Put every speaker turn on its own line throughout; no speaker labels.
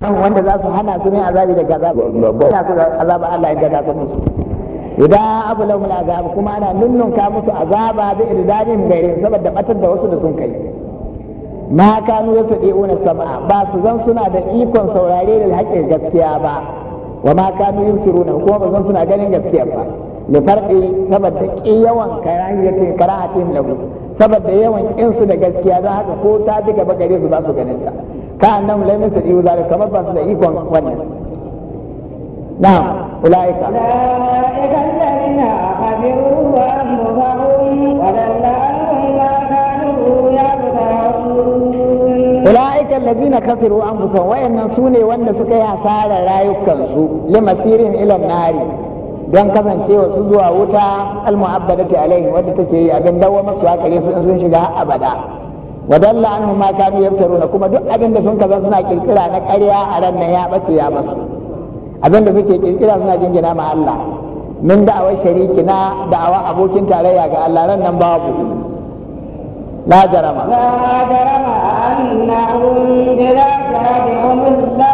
kan wanda za su hana su ne azabi daga azaba Allah in gada su musu idan abu lahum azab kuma ana nunnunka musu azaba bi irdanin gairin saboda batar da wasu da sun kai ma kanu yasdi'una sam'a ba su zan suna da ikon saurare da haƙƙin gaskiya ba wa ma kanu yusiruna kuma ba zan suna ganin gaskiya ba li farɗi saboda ƙiyawan karahiyati karahatin lahu saboda yawan kinsu da gaskiya don haka ko ta ji gaba gare su ba su ganin ta ka annahu lam yastati'u zalika kamar ba su da ikon wannan na'am ulaika
ulaika alladhina kafaru wa amruhum wa ulaika
alladhina kafaru anfusahum wa sune wanda suka yi hasarar rayukansu limasirin ila nari don kasancewa su zuwa wuta almu'abbadati alai wadda take yi abin dawo masu hakare su sun shiga abada wadalla anhu ma kanu yaftaruna kuma duk abin da sun kaza suna kirkira na ƙarya a ran nan ya bace ya masu abin da suke kirkira suna jingina ma Allah min da'awar shariki na da'awa abokin tarayya ga Allah ran nan babu la jarama la
jarama annahum bi rabbihim
la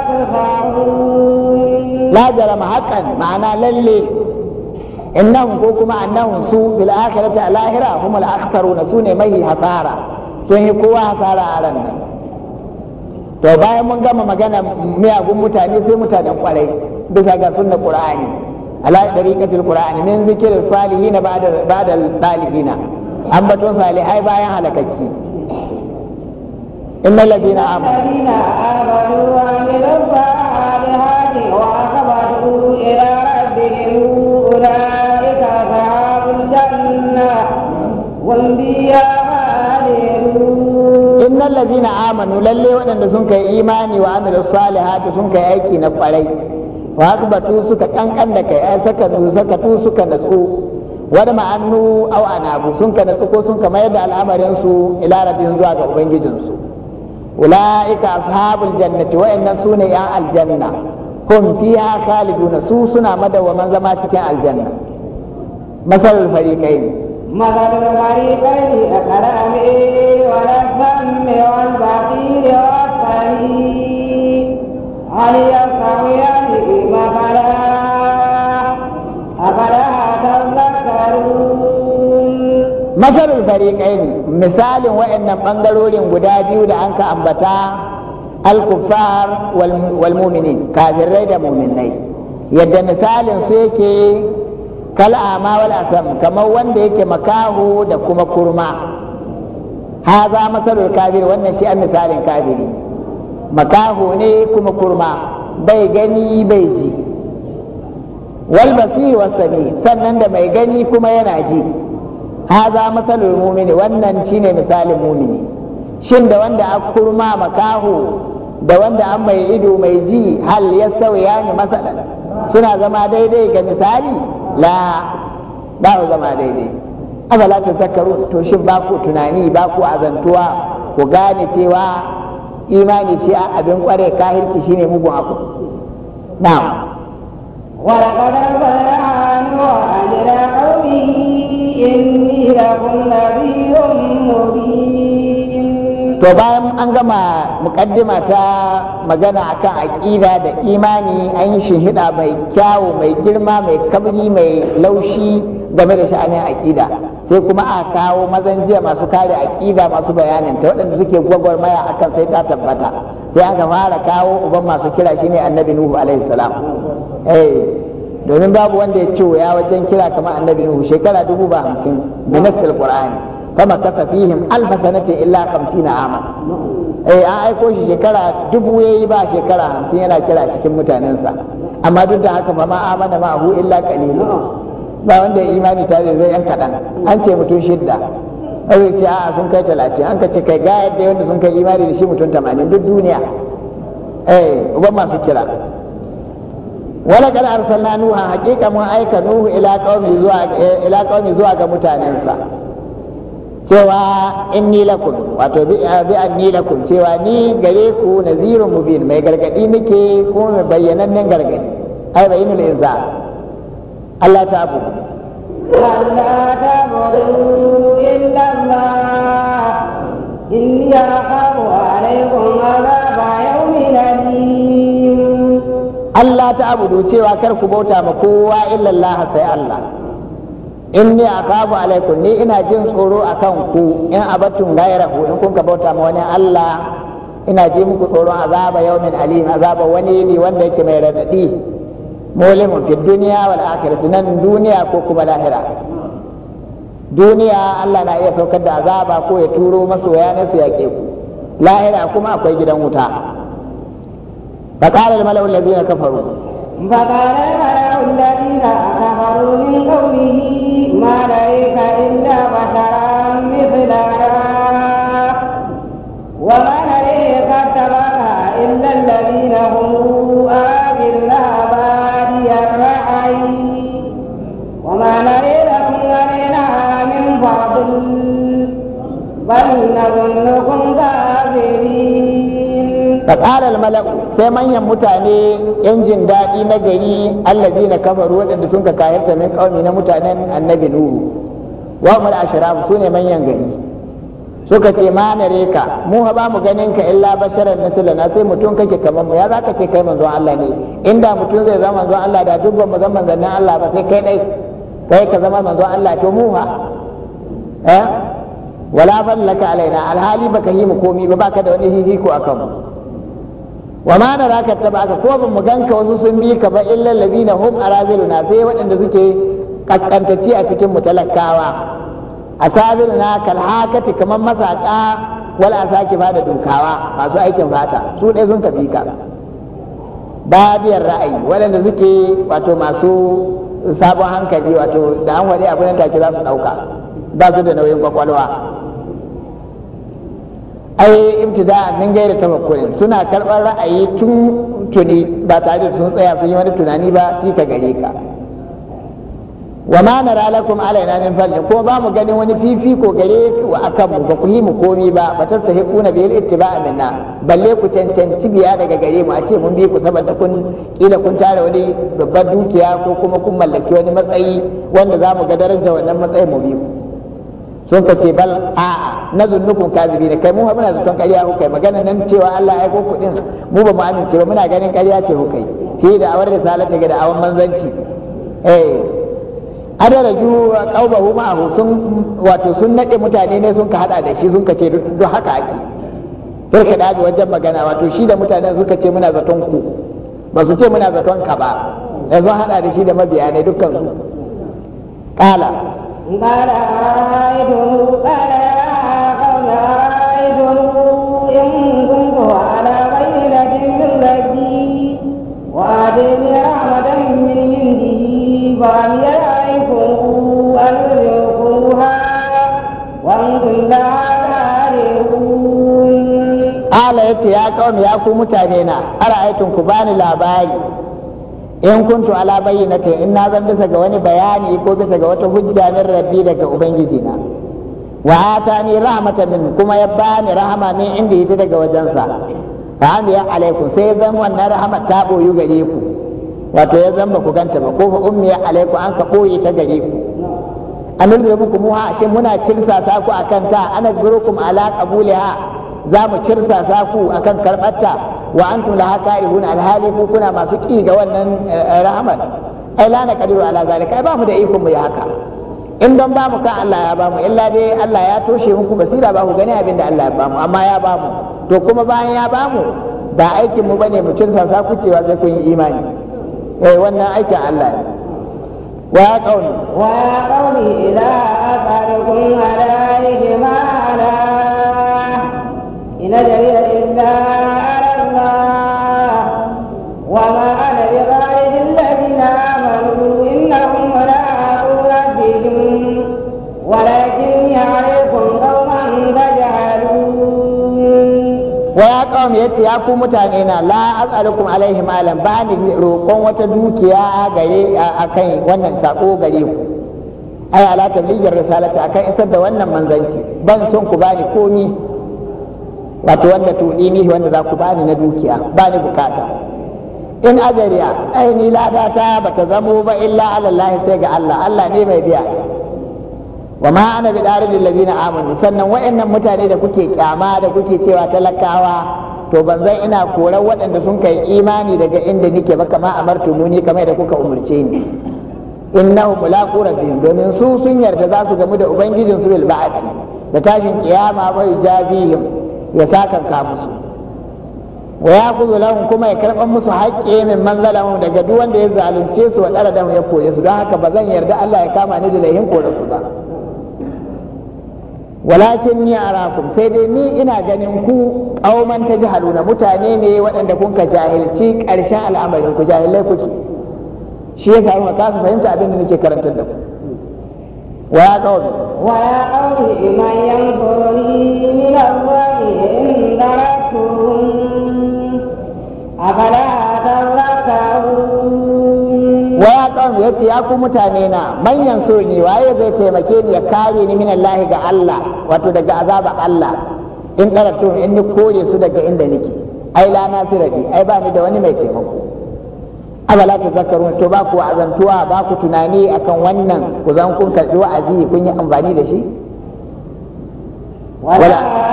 Lajara ma hakan ma'ana lalle innahum ko kuma annahum su bil akhirati al ahira hum al akhsaruna sune mai hasara sun yi kowa hasara a ran nan to bayan mun gama magana miyagun mutane sai mutanen kwarai bisa ga sunna qur'ani ala dariqatil qur'ani min zikri salihin ba'da ba'da salihina ambaton salihai bayan halakakki innal ladina amanu innal na amanu lalle waɗanda sun kai imani wa amilu salihati sun kai aiki na kwarai wa akbatu suka kankan da kai ai saka sakatu suka natsu wada ma'annu aw anabu sun ka natsu ko sun ka mayar da al'amarin su ila rabbin zuwa ga ubangijin su ulaika ashabul jannati wa inna sune ya aljanna hum fiha khaliduna su suna madawwaman zama cikin aljanna masalul fariqain
مثل الفريقين ولا
Masarar fariƙai ne, misalin waɗannan ɓangarorin guda biyu da an ka ambata alƙufar walmomini, kajin rai da mominai. Yadda misalin su yake kala'a ma wala sam, kamar wanda yake makaho da kuma kurma, haza masalul kafiri wannan shi an misalin kafiri makaho ne kuma kurma bai gani bai ji wal basir wasami sannan da mai gani kuma yana ji haza masalul mumini wannan ne misalin mumini shin da wanda a kurma makaho da wanda an mai ido mai ji hal ya sauya ne masalan suna zama daidai ga misali la ba zama daidai afala ta zakarun to shin ba ku tunani ba ku azantuwa ku gane cewa imani shi abin kware kahirci shine mugun abu
to bayan an
gama mukaddima ta magana akan aƙida da imani an yi hida mai kyawu mai girma mai kabri mai laushi game da sha'anin aƙida sai kuma a kawo mazan jiya masu kare aƙida masu bayanin ta waɗanda suke gwagwarmaya akan sai ta tabbata sai aka fara kawo uban masu kira shine annabi nuhu alaihi salam eh, domin babu wanda ya ce ya wajen kira kamar annabi nuhu shekara dubu ba hamsin bi qur'ani kama kasa fihim alf sanatin illa 50 ama eh an aiko shi shekara dubu yayi ba shekara hamsin yana kira cikin mutanensa amma duk da haka ma amana ma'ahu illa qalilun ba wanda ya imani tare zai yan kaɗan an ce mutum shidda ɗaure ce a sun kai talatin an ka ce kai ga yadda wanda sun kai imani da shi mutum tamanin duk duniya eh uban masu kira wala kala arsalna nuha hakika mun aika nuhu ila qaumi zuwa ila qaumi zuwa ga mutanensa cewa inni lakum wato bi anni lakum cewa ni gare ku nazirun mubin mai gargadi muke kuma mai bayyanannen gargadi ai bayyinul inzar Allah ta abu
Allah ta abu illa
Allah cewa kar ku bauta ma kowa illallah Allah sai Allah inni akhafu alaikum ni ina jin tsoro a kan ku in abatun gairahu in kun ka bauta ma wani Allah ina ji muku tsoron azaba yawmin alim azaba wani ne wanda yake mai raɗaɗi. mulimin fi duniya wal akhirati nan duniya ko kuma lahira duniya Allah na iya saukar da azaba ko ya turo masoya ne su yaƙe ku lahira kuma akwai gidan wuta فقال الملأ الذين كفروا
فقال الملأ الذين كفروا من قومه ما رأيك إلا بشر kullukum kafirin faqala
sai manyan mutane yan jin daɗi na gari na kafaru waɗanda sun ka kayarta min qaumi na mutanen annabi nuhu wa mul ashraf sune manyan gari suka ce ma na reka mu ba mu ganin ka illa natula na sai mutum kake kamar mu ya za ka ce kai manzon Allah ne inda mutum zai zama manzon Allah da duk ba mu zama manzannin Allah ba sai kai dai kai ka zama manzon Allah to mu ha eh wala fallaka alaina alhali baka yi mu komi ba baka da wani hihiko akan mu wa ma da zaka taba ko ban mu ganka wasu sun bi ka ba illa allazina hum araziluna sai waɗanda suke kaskantacci a cikin mu talakawa asabiruna kal hakati kaman masaka wala asaki ba da dukawa masu aikin fata su dai sun tafi ka babiyar ra'ayi waɗanda suke wato masu sabon hankali wato da an wani abin da take za su ɗauka ba su da nauyin kwakwalwa ai ibtida'a min gairi tafakkurin suna karɓar ra'ayi tun tuni ba tare da sun tsaya sun yi wani tunani ba fi ka gare ka wa ma nara lakum alaina min fadli ko ba mu ganin wani fifiko gare wa akan mu ba ku yi mu komi ba ba ta sahiquna ba ittiba'a minna balle ku cancanci biya daga gare mu a ce mun bi ku saboda kun kila kun tare wani babbar dukiya ko kuma kun mallaki wani matsayi wanda za mu ga daraja wannan matsayin mu bi ku sun ka ce bal a'a na zunnukun kazibi ne kai mu muna zaton ƙarya hukai magana nan cewa Allah ya aiko kuɗin mu ba mu amince ba muna ganin kariya ce hukai fi da awar risalata ga da awan manzanci eh hu ma hu sun wato sun nade mutane ne sun ka hada da shi sun ka ce duk haka ake barka da wajen magana wato shi da mutane ka ce muna zaton ku ba su ce muna zaton ka ba yanzu hada da shi da mabiya ne dukkan su qala
بل رأيتم بل قد رأيتم إن كنت على بينة من ربي وآتيني رحمة من عنده فلم يعرفوا أن يلقوها وأنتم لها
Allah ya ce ya kawo ya ku mutane na, ara aikin ku bani labari in kuntu ala bayyinati in na zan bisa ga wani bayani ko bisa ga wata hujja min rabbi daga ubangiji na wa atani rahmatan min kuma ya bani rahama min inda yake daga wajensa fa ya alaikum sai zan wannan rahama ta boyu gare ku wato ya zan ku ganta ba ko fa ummiya alaikum an ka boye ta gare ku an lura muku muha shin muna cirsa sa ku akan ta ana gurukum ala qabuliha za mu cirsa sa ku akan karbarta wa antum laha karihun alhali ku kuna masu ki ga wannan eh, eh, rahamar ai la kadiru ala zalika ai ba mu da ikon mu yi haka in don ba mu ka Allah ya ba mu illa dai Allah ya toshe muku basira ba ku gani abin da Allah ya ba mu amma ya ba mu to kuma bayan ya ba mu ba aikin mu bane mu kirsa sa kucewa sai kun yi imani eh wannan aikin Allah ne wa qauli
wa qauli ila aqalukum ala ma ala ina jariya illa
Yawan yace ya ku mutane na la as'alukum alaihi malam ba ni roƙon wata dukiya gare kan wannan sako gare ku ai ala tabligir risalati akan isar da wannan manzanci ban son ku bani komi wato wanda tudini wanda za ku bani na dukiya bani bukata in ajariya ai ni ladata bata zamo ba illa alallahi sai ga Allah Allah ne mai biya wa ma ana bi daridil ladina amanu sannan wayannan mutane da kuke kyama da kuke cewa talakawa to ban zan ina korar waɗanda sun kai imani daga inda nike ba kama amartu muni kamar da kuka umarce ni innahu mulaqu rabbihim domin su sun yarda za su gamu da ubangijin su bil ba'asi da tashin kiyama wa jazihim ya saka ka musu wa yaqudu lahum kuma ya karban musu haƙƙi min man daga duk wanda ya zalunce su wa dara da ya koye su don haka ba zan yarda Allah ya kama ni da laihin kore su ba walakin ni arakum sai dai ni ina ganin ku auman ta na mutane ne waɗanda kun ka jahilci ƙarshen al'amarin ku jahilai kuke shi ya samu ka su fahimta abin da nake karantar da ku wa ya qawmi wa ya qawmi man yanfuruni
min allahi in darakum afala wa ya
qawmi ya ku mutane na manyan so ne waye zai taimake ni ya kare ni min allahi ga allah wato daga azaba Allah in ɗaratu in ni kore su daga inda nake ai la nasira bi ai ba ni da wani mai taimako afala tazakkarun to ba ku azantuwa ba ku tunani akan wannan ku zan kun karbi wa'azi kun yi amfani da shi wala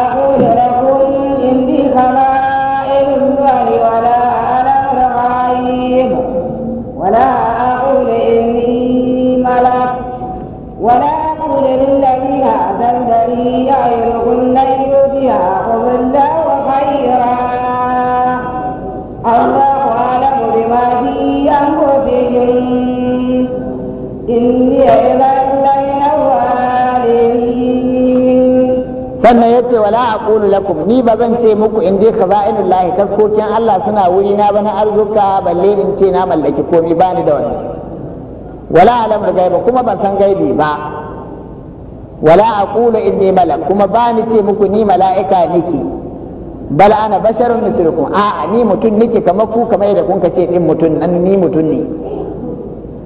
sannan ya ce wala aqulu lakum ni ba zan ce muku in dai khaza'inul lahi taskokin Allah suna wuri na bana arzuka balle in ce na mallaki komai ni da wannan wala alam gaiba kuma ban san gaibi ba wala in ne malak kuma bani ce muku ni mala'ika niki bal ana basharun mithlukum a'a ni mutum niki kamar ku kamar yadda kun ce din mutum nan ni mutum ne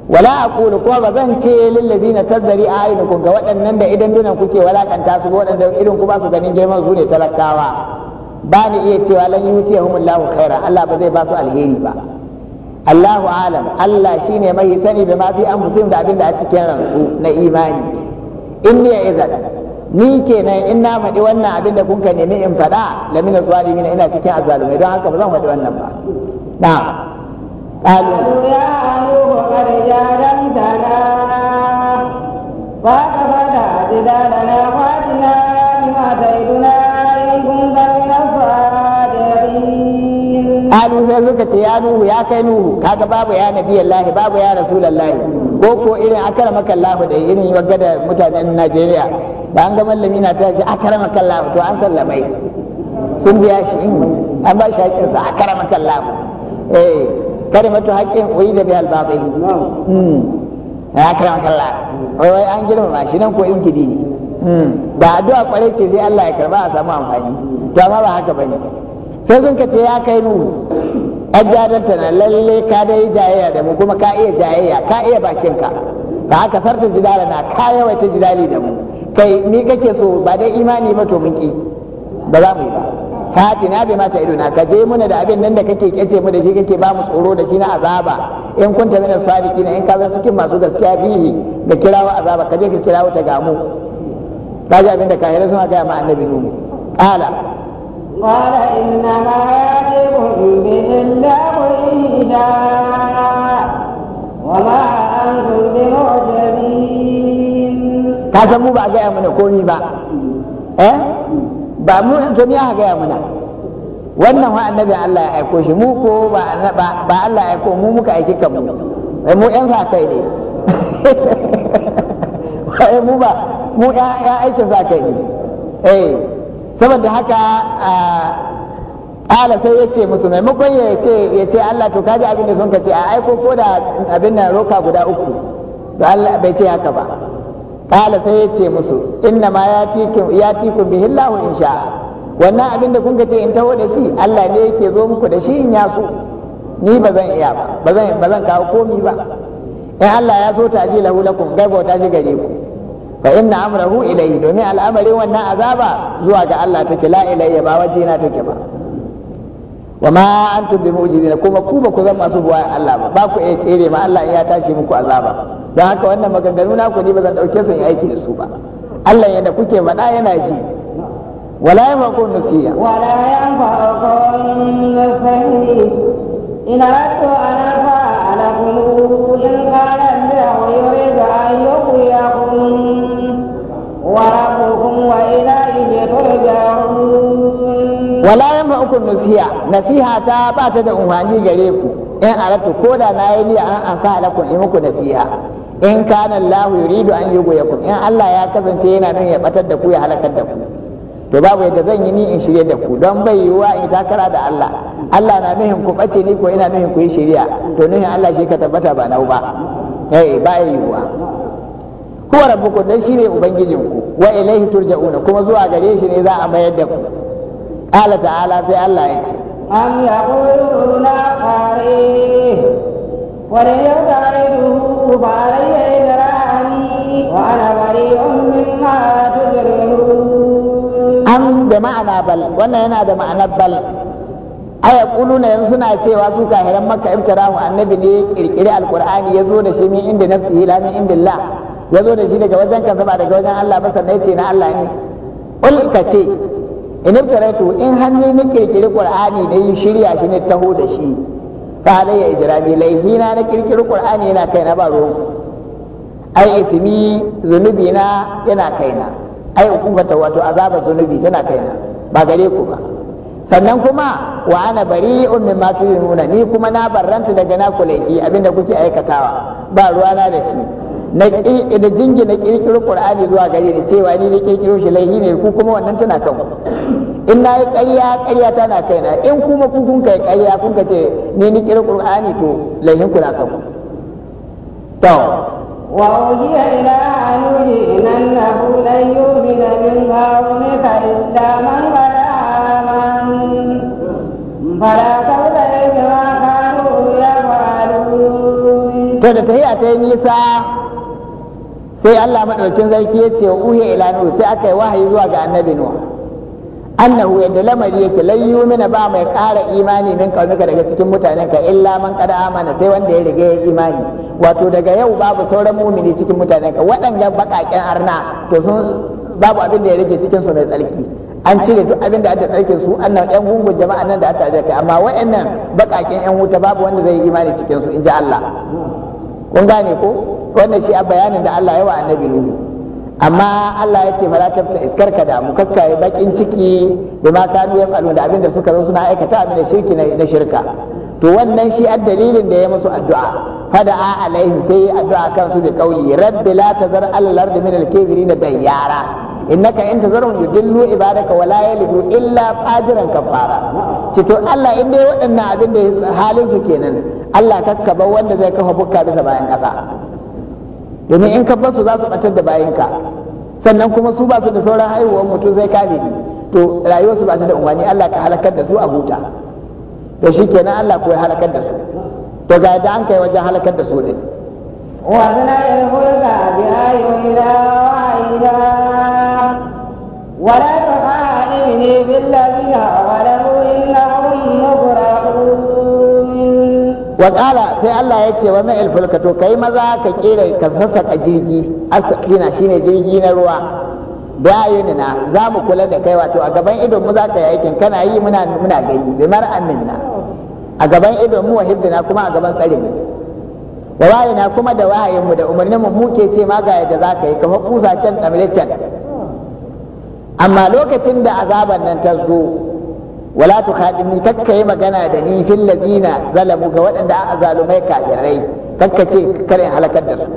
wala a kulu, kuma ba zan ce na tazzari a ayunukum ga waɗannan da idan dunan kuke walakanta su ga waɗanda irin ku ba su ganin girman su ne talakawa ba ni iya cewa lan yutihumullahu Khaira, Allah ba zai ba su alheri ba Allahu alam Allah shine mai sani da ma fi da abin da a cikin ransu na imani inni ya idan ni kenan in na faɗi wannan abin da kuka nemi in faɗa lamina limina ina cikin azalumai don haka ba zan faɗi wannan ba na'am
قالوا يا نوح قد جادلتنا فأكفرنا جدالنا وأتنا بما تعدنا إن كنت من الصادقين
قالوا sai suka ce ya nuhu ya kai nuhu kaga babu ya nabi Allah babu ya rasulullahi ko ko irin akaramaka Allah da irin wagga da mutanen Najeriya da an ga mallami na ta ce akaramaka to an sallamai sun biya shi in an ba shi hakkinsa akaramaka Allah eh kalimatu haƙƙin uyi da bihal batil hmm. ya karama kalla wai wai an girmama shi nan ko ingidi ne hmm. ba addu'a kwarai ce sai Allah ya karba a samu amfani to amma ba haka bane sai sun ka ce ya kai nuhu ajjadanta na lalle ka dai jayayya da mu kuma ka iya jayayya ka iya bakinka ka haka sarta jidala na ka yawaita jidali da mu kai ni kake so ba dai imani ba to mun ki ba za mu yi ba fatina bai mata na, ka je muna da abin nan da kake kace mu da shi kake ba mu tsoro da shi na azaba in kunta min sadiqina in ka zan cikin masu gaskiya bihi da kirawo azaba ka je ka kirawo ta gamu ka ji abin da kahirai suna gaya ma annabi nuhu qala
qala inna ma bi illa qulida wa ma antum bi mu'jizin
ka san mu ba ga mana komi ba eh ba mu to me aka gaya muna wannan wa annabi Allah ya aiko shi mu ko ba ba Allah ya aiko mu muka aiki kan eh, mu yan sa kai ne eh mu ba mu ya aikin sa kai ne eh saboda haka Allah sai ya ce musu maimakon ya ce ya ce Allah to kaji abin da sun ka ce a aiko ko da abin nan roka guda uku da Allah bai ce haka ba kala sai ya ce musu inna ma ya tiku bihin lahu in sha'a wannan abin da kun ce in taho da shi Allah ne yake zo muku da shi in ya so ni ba zan iya ba ba zan kawo komi ba in Allah ya so ta ji lahu lakum ta shi gare ku fa inna amrahu ilayhi domin al'amarin wannan azaba zuwa ga Allah take la ilayya ba waje na take ba wa ma antum bi mu'jizin kuma ku ba ku zama masu buwa Allah ba ba ku iya tsere ma Allah ya tashi muku azaba don haka wannan maganganu na ku ni ba zan dauke su in aiki da su ba Allah yadda kuke faɗa yana ji
wala ku nasiya wala ku nasiya ina wala
yamna ukun nasiha nasiha ta ba ta da umarni gare ku in aratu ko da na yi niyya an an sa alakun in muku nasiha in kana Allah yuridu an yi ku. in Allah ya kasance yana nan ya batar da ku ya halakar da ku to babu yadda zan yi ni in shirye da ku don bai yiwuwa in takara da Allah Allah na nuhin ku bace ni ko ina nuhin ku yi shirya to nuhin Allah shi ka tabbata ba nau ba eh ba yiwuwa huwa rabbukum dan ne ubangijinku wa ilaihi turja'una kuma zuwa gare shi ne za a mayar da ku Allah ta'ala sai Allah ya ce am yaquluna
qari wa la yaqulu ba alayya idrani wa ana min ma tujrihun
am da ma'ana bal wannan yana da ma'anar bal aya kuluna yanzu suna cewa su kahiran makka ibtirahu annabi ne kirkiri alqur'ani yazo da shi min inda nafsi la min indillah yazo da shi daga wajen kansa ba daga wajen Allah ba sannan ce na Allah ne Kulka ce. in ibtaraitu in hanni nake kirkiri qur'ani da yi shirya shi ne taho da shi qala ya ijrami laihina na kirkiri qur'ani yana kaina ba ruwan ai ismi zunubi na yana kaina ai hukumata wato azaba zunubi tana kaina ba gare ku ba sannan kuma wa ana bari ma mimma nuna ni kuma na barranta daga na kulaihi abinda kuke aikatawa ba ruwana da shi na da jingina kirkiro qur'ani zuwa gare ni cewa ni ne kirkiro shi laihi ne ku kuma wannan tana kan in na yi ƙarya ƙarya tana kaina in kuma ku kun kai ƙarya kun ka ce ni ni kirkiro qur'ani to laihin ku na kan to
wa uhiya ila anuhi innahu lan yu'mina min qawmika illa man qad amana fala da ila ma kanu yafalun
to da tahiya ta yi nisa sai Allah maɗaukin sarki ya ce uhe ila nuhu sai aka yi wahayi zuwa ga annabi nuwa annahu yadda lamari yake lai mina ba mai ƙara imani min kaumika daga cikin mutanen ka illa man ƙada amana sai wanda ya riga ya imani wato daga yau babu sauran mumini cikin mutanen ka waɗannan baƙaƙen arna to sun babu abin da ya rage cikin su mai tsarki an cire duk abin da aka tsarkin su annan yan gungun jama'a nan da aka tare kai amma waɗannan baƙaƙen yan wuta babu wanda zai imani cikin su in ji Allah kun gane ko wannan shi a bayanin da Allah ya wa annabi Nuhu amma Allah ya ce mala tafta iskar ka da mu kakkaye bakin ciki da ma ka ya falu da abin da suka zo suna aikata abin shirki na shirka to wannan shi a dalilin da ya musu addu'a a alaihim sai addu'a kan su da kauli rabbi la tazar al-ardi min al-kafirin da yara innaka in tazarun yudillu ibadaka wala yalidu illa fajiran kafara ce to Allah in dai waɗannan abin da halin su kenan Allah kakkaba wanda zai kafa bukka bisa bayan ƙasa domin in kafa su za su batar da bayanka sannan kuma su ba su da sauran haihuwar mutum zai kame ni to rayuwar su ba ta da umarni Allah ka halakar da su a huta to shikenan Allah ko ya halakar da su to ga yadda an kai wajen halakar da su din
wa zana ilmulka bi ayyuna wa ولا تخالفني بالذين ظلموا إنهم مغرقون
وقال sai Allah ya ce wa mai ilfulka to kai maza ka kira ka sassaka jirgi asakina shine jirgi na ruwa Da bayinina za mu kula da kai wato a gaban idon mu za ka yi aikin kana yi muna muna gani bi mar'an minna a gaban idon mu wa hibdina kuma a gaban tsarin mu da wayina kuma da wahayin mu da umarnin mu muke ce ma ga za ka yi Kamar kusa can damile can amma lokacin da azaban nan ta zo wala tu khadini kakka yi magana da ni fil ladina zalamu ga waɗanda a zalumai kafirai kakka ce kare halakar da su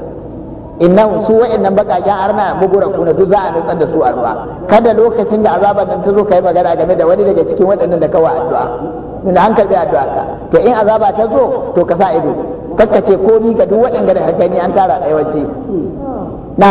innahu su wa'annan bakaken arna mugura kuna duk za a nutsar da su a ruwa kada lokacin da azaban nan ta zo kai magana game da wani daga cikin waɗannan da kawa addu'a min an karbi addu'a ka to in azaba ta zo to ka sa ido kakka ce komi ga duk waɗanda da gani an tara ɗaya wacce na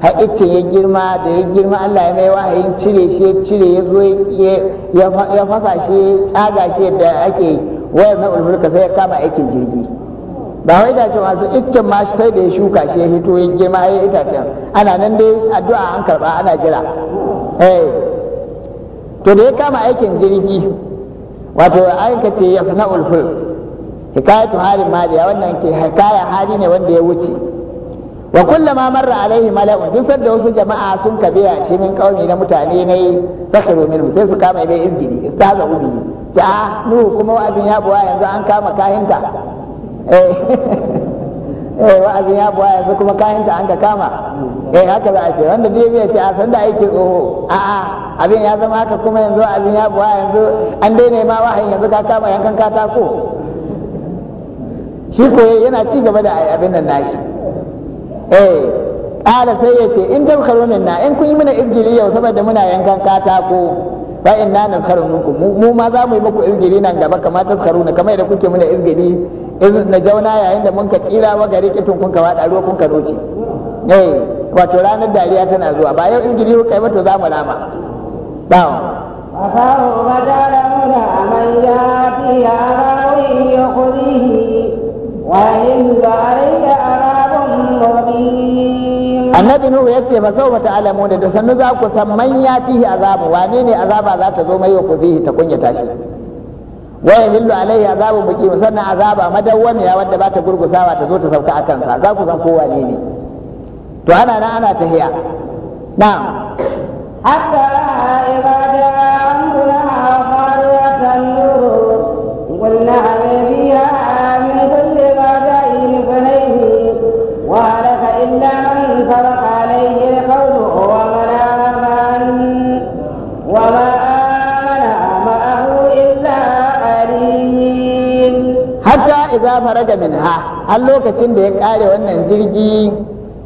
haƙice ya girma da ya girma Allah ya mai wahayin cire shi ya cire ya zo ya fasa shi ya tsaga shi yadda ake wayar na ulfurka sai ya kama aikin jirgi ba wai da ce masu iccen ma sai da ya shuka shi ya hito ya girma ya itacen ana nan dai addu'a an karba ana jira eh. to da ya kama aikin jirgi wato aika ce ya sana'ul fulk hikayatu halin maliya wannan ke hikaya hali ne wanda ya wuce wa kullama marra alaihi mala'un duk sanda wasu jama'a sun kabe shi min kauni na mutane ne sakaru min sai su kama mai izgiri istaza ubi ta a nu kuma wa'azin ya buwa yanzu an kama kahinta eh eh wa'azin ya buwa yanzu kuma kahinta an ka kama eh haka za a ce wanda dai bai ce a ah, sanda aiki tsoho? a a abin ya zama haka kuma yanzu wa'azin ya buwa yanzu an daina ma wahayin yanzu ka kama yankan katako shi ko yana ci gaba da abin nan nashi eh ala sai ya ce in tabkaru minna in kun yi mana irgili yau saboda muna yankan katako fa inna naskaru minkum mu ma za mu yi muku irgili nan gaba kamar na kamar yadda kuke muna irgili in na jauna yayin da mun ka tsira wa gari kitun kun ka wada ruwa kun ka roce eh wato ranar dariya tana zuwa ba yau irgili ku kai ba to za mu rama dawo
asaru madalamuna man yati ya rawi yukhrihi wa in barika رحيم
النبي ba يتي فسوف تعلمون da sannu za ku san man ya fihi azabu wane ne azaba za ta zo mai wa kuzihi ta kunya tashi wa yahillu alaihi azabu buki sannan azaba madawwamiya wanda ba ta gurgusawa ta zo ta sauka a sa za ku san kowa ne ne to ana nan ana tahiya na'am
hatta
hatta idza min minha har lokacin da ya kare wannan jirgi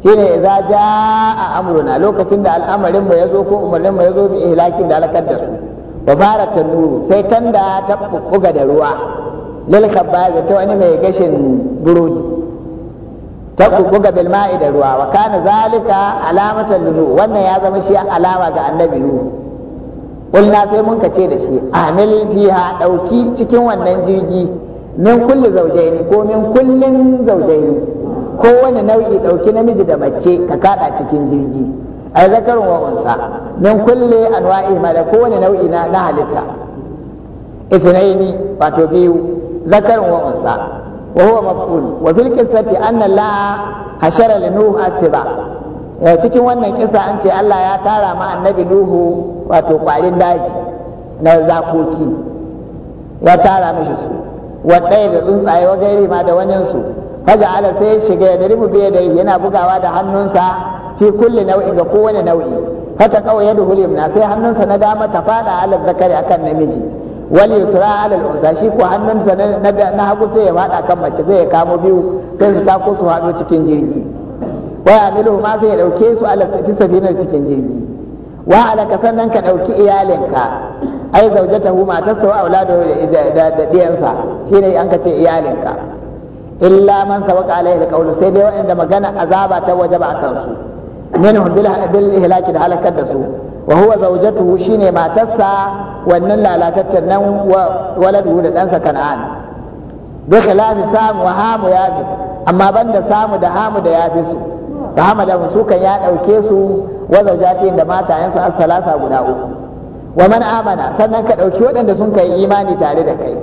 shine ja a amruna lokacin da al'amarin mu yazo ko umarnin mu yazo bi ihlakin da alakar da su wa fara tanuru sai tanda ta bubbuga da ruwa lil khabaz ta wani mai gashin burodi ta bubbuga bil ma'i da ruwa wa kana zalika alamatan nuru wannan ya zama shi alama ga annabi nuru kulna sai mun kace da shi amil fiha dauki cikin wannan jirgi min kulli zaujaini ko min kullin zaujaini kowane nau'i ɗauki namiji da mace ka kada cikin jirgi ai zakarun wa unsa min kulli anwa'i ma da kowane nau'i na na halitta ithnaini wato biyu zakarun wa unsa wa huwa maf'ul wa fil qissati anna la hashara li nuh asiba cikin wannan kisa an ce Allah ya tara ma annabi nuhu wato kwarin daji na zakoki ya tara mishi su wadai da tsuntsaye wa gairi ma da wani su faja ala sai ya shiga ya daribu biye da yana bugawa da hannunsa fi kulli nau'i ga kowane nau'i fata kawai ya duhul na sai hannunsa na dama ta fada ala zakari akan namiji wal yusra ala unsa shi ko hannunsa na hagu sai ya fada kan mace sai ya kamo biyu sai su tako su hado cikin jirgi wa yamilu ma sai ya dauke su ala safinar cikin jirgi wa ala ka sannan ka dauki iyalinka ai zaujatahu matarsa wa auladu da diyansa shine an kace iyalinka illa man sabaka alaihi alqawl sai dai wanda magana azaba ta wajaba akan su minhum bil bil ihlaki da halakar da su wa huwa zaujatuhu shine matarsa wannan lalatattar nan waladu da ɗansa kan'an bi khilafi samu wa hamu ya amma banda samu da hamu da ya da hamu da su kan ya dauke su wa zaujatin da matayensu as-salasa guda uku wa man amana sannan ka ɗauki waɗanda sun kai imani tare da kai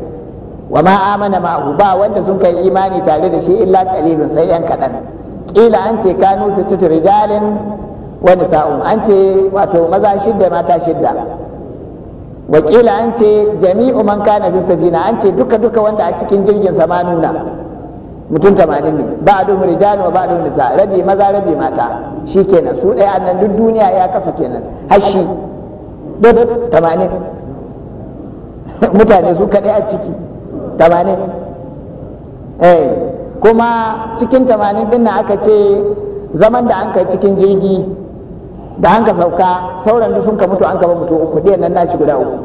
wa ma amana ma ba wanda sun kai imani tare da shi illa qalilun sai yan kaɗan ƙila an ce kanu sittatu rijalin wa nisa'un an ce wato maza shidda mata shidda wa kila an ce jami'u man kana fi safina an ce duka duka wanda a cikin jirgin sama nuna mutum tamanin ne ba a duhu rijalu ba a duhu nisa rabi maza rabi mata shi kenan su ɗaya annan duk duniya ya kafa kenan har shi ɗin tamanin mutane su kaɗai a ciki tamanin eh kuma cikin tamanin ɗin na aka ce zaman da an kai cikin jirgi da an ka sauka sauran da sun ka mutu an ka ba mutu uku ɗaya nan nashi guda uku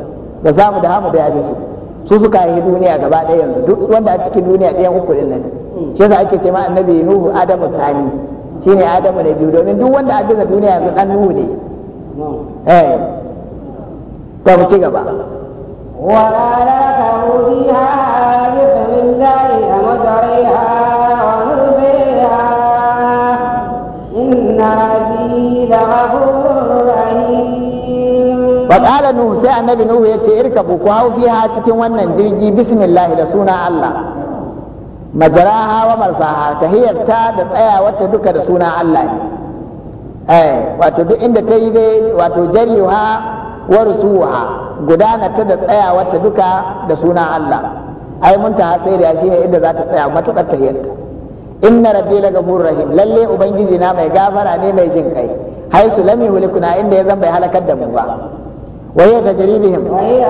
da za mu da hamu da ya su su suka yi duniya gaba ɗaya yanzu duk wanda a cikin duniya ɗayan uku ɗin nan shi yasa ake ce ma annabi nuhu adamu tsani shine adamu na biyu domin duk wanda a gaza duniya yanzu dan nuhu ne eh ta mu ci gaba
wala la ta'budu biha wa mursiha inna
sai annabi ya ce irka ku hau fiha cikin wannan jirgi bismillah da suna Allah majaraha wa marsaha tahiyarta da tsayawarta duka da suna Allah ne wato duk inda ta yi dai wato jariyuha warsuha gudana ta da tsayawa ta duka da suna Allah ai mun ta shi shine inda za ta tsaya matukar tahiyyarta inna rabbi la ghafur rahim lalle ubangiji na mai gafara ne mai jin kai haisu lam yuhlikuna inda ya zan bai halakar da mu ba وهي تجري بهم وهي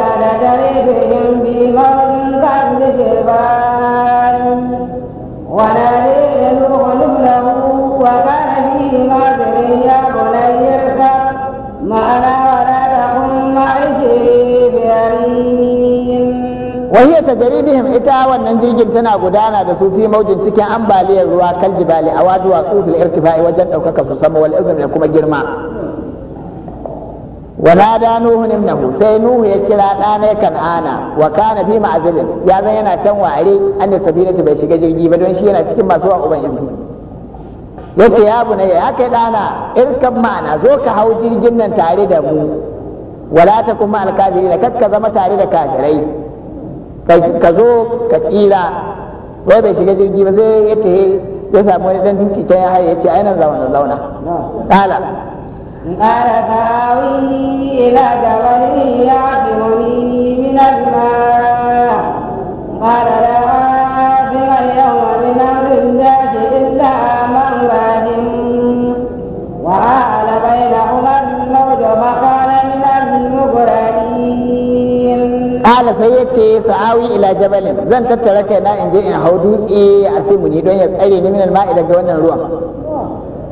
wahiya ta ita wannan jirgin tana gudana da su fi maujin cikin ambaliyar ruwa kan jibali a wa tsufil irtifai wajen ɗaukaka su sama wal da kuma girma ونادى نوح nuhu ya kira يكرا دانا Ana وكان في معزل ya زين yana can ware an da safina bai shiga jirgi ba don shi yana cikin masu wa uban izgi yace ya bunayya ya kai dana irkan ma'ana zo ka hau jirgin nan tare da mu wala ta kuma alkafirin kakka zama tare da kafirai ka zo ka tsira wai bai shiga jirgi ba zai ya tahe ya samu wani dan dinki can ya har ya ce ai nan zauna zauna kala
قال فاوي
kala sai ya ce sa'awi ila jabalin zan tattara kaina in je in hau dutse a simu ni don ya tsare ni minal ma'i daga wannan ruwan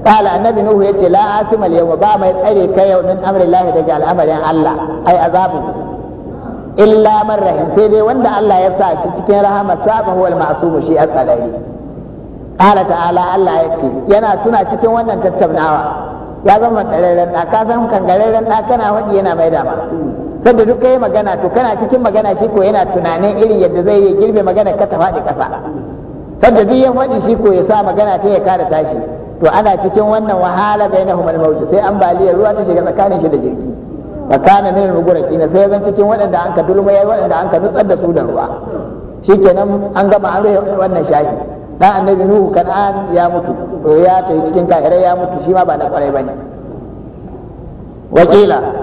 kala annabi nuhu yace la asima al yawma ba mai tsare kai yau min amri lahi daga al'amarin Allah ai azabu illa man rahim sai dai wanda Allah ya sa shi cikin rahama sabu wal ma'sumu shi a tsarari kala ta'ala Allah yace yana suna cikin wannan tattaunawa ya zama dareren da ka san kan dareren da kana wadi yana mai da dama sanda duk kai magana to kana cikin magana shi ko yana tunanin irin yadda zai yi girbe magana ka ta faɗi ƙasa sanda duk yan faɗi shi ko ya sa magana ta ya kara tashi to ana cikin wannan wahala bainahum al-mawj sai ambaliyar ruwa ta shiga tsakanin shi da jirgi na kana min al-mughraqin sai zan cikin waɗanda an ka dulmayar waɗanda an ka nutsar da su da ruwa shikenan an gama an rufe wannan shahi dan annabi nuhu kan'an ya mutu to ya tafi cikin kahirai ya mutu shi ma ba na kwarai ne. wakila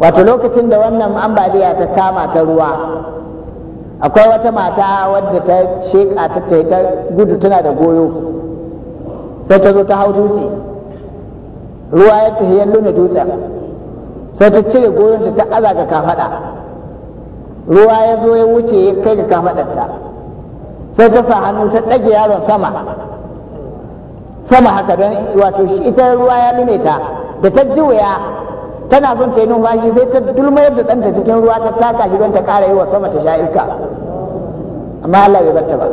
wato lokacin da wannan ambaliya ta kama ta ruwa akwai wata mata wadda ta sheƙa ta ta gudu tana da goyo sai ta zo ta hau dutse ruwa ya ta ya lume dutsen sai ta cire goyonta ta aza ga kafaɗa ruwa ya zo ya wuce ya kai ga kafaɗanta. sai ta sa hannu ta ɗage yaron sama sama haka don wato shi ita ruwa ya lume ta da ta ji wuya tana son ta yi numfashi sai ta dulmayar da ɗanta cikin ruwa ta taka shi don ta ƙara yi wa sama ta sha iska amma Allah bai barta ba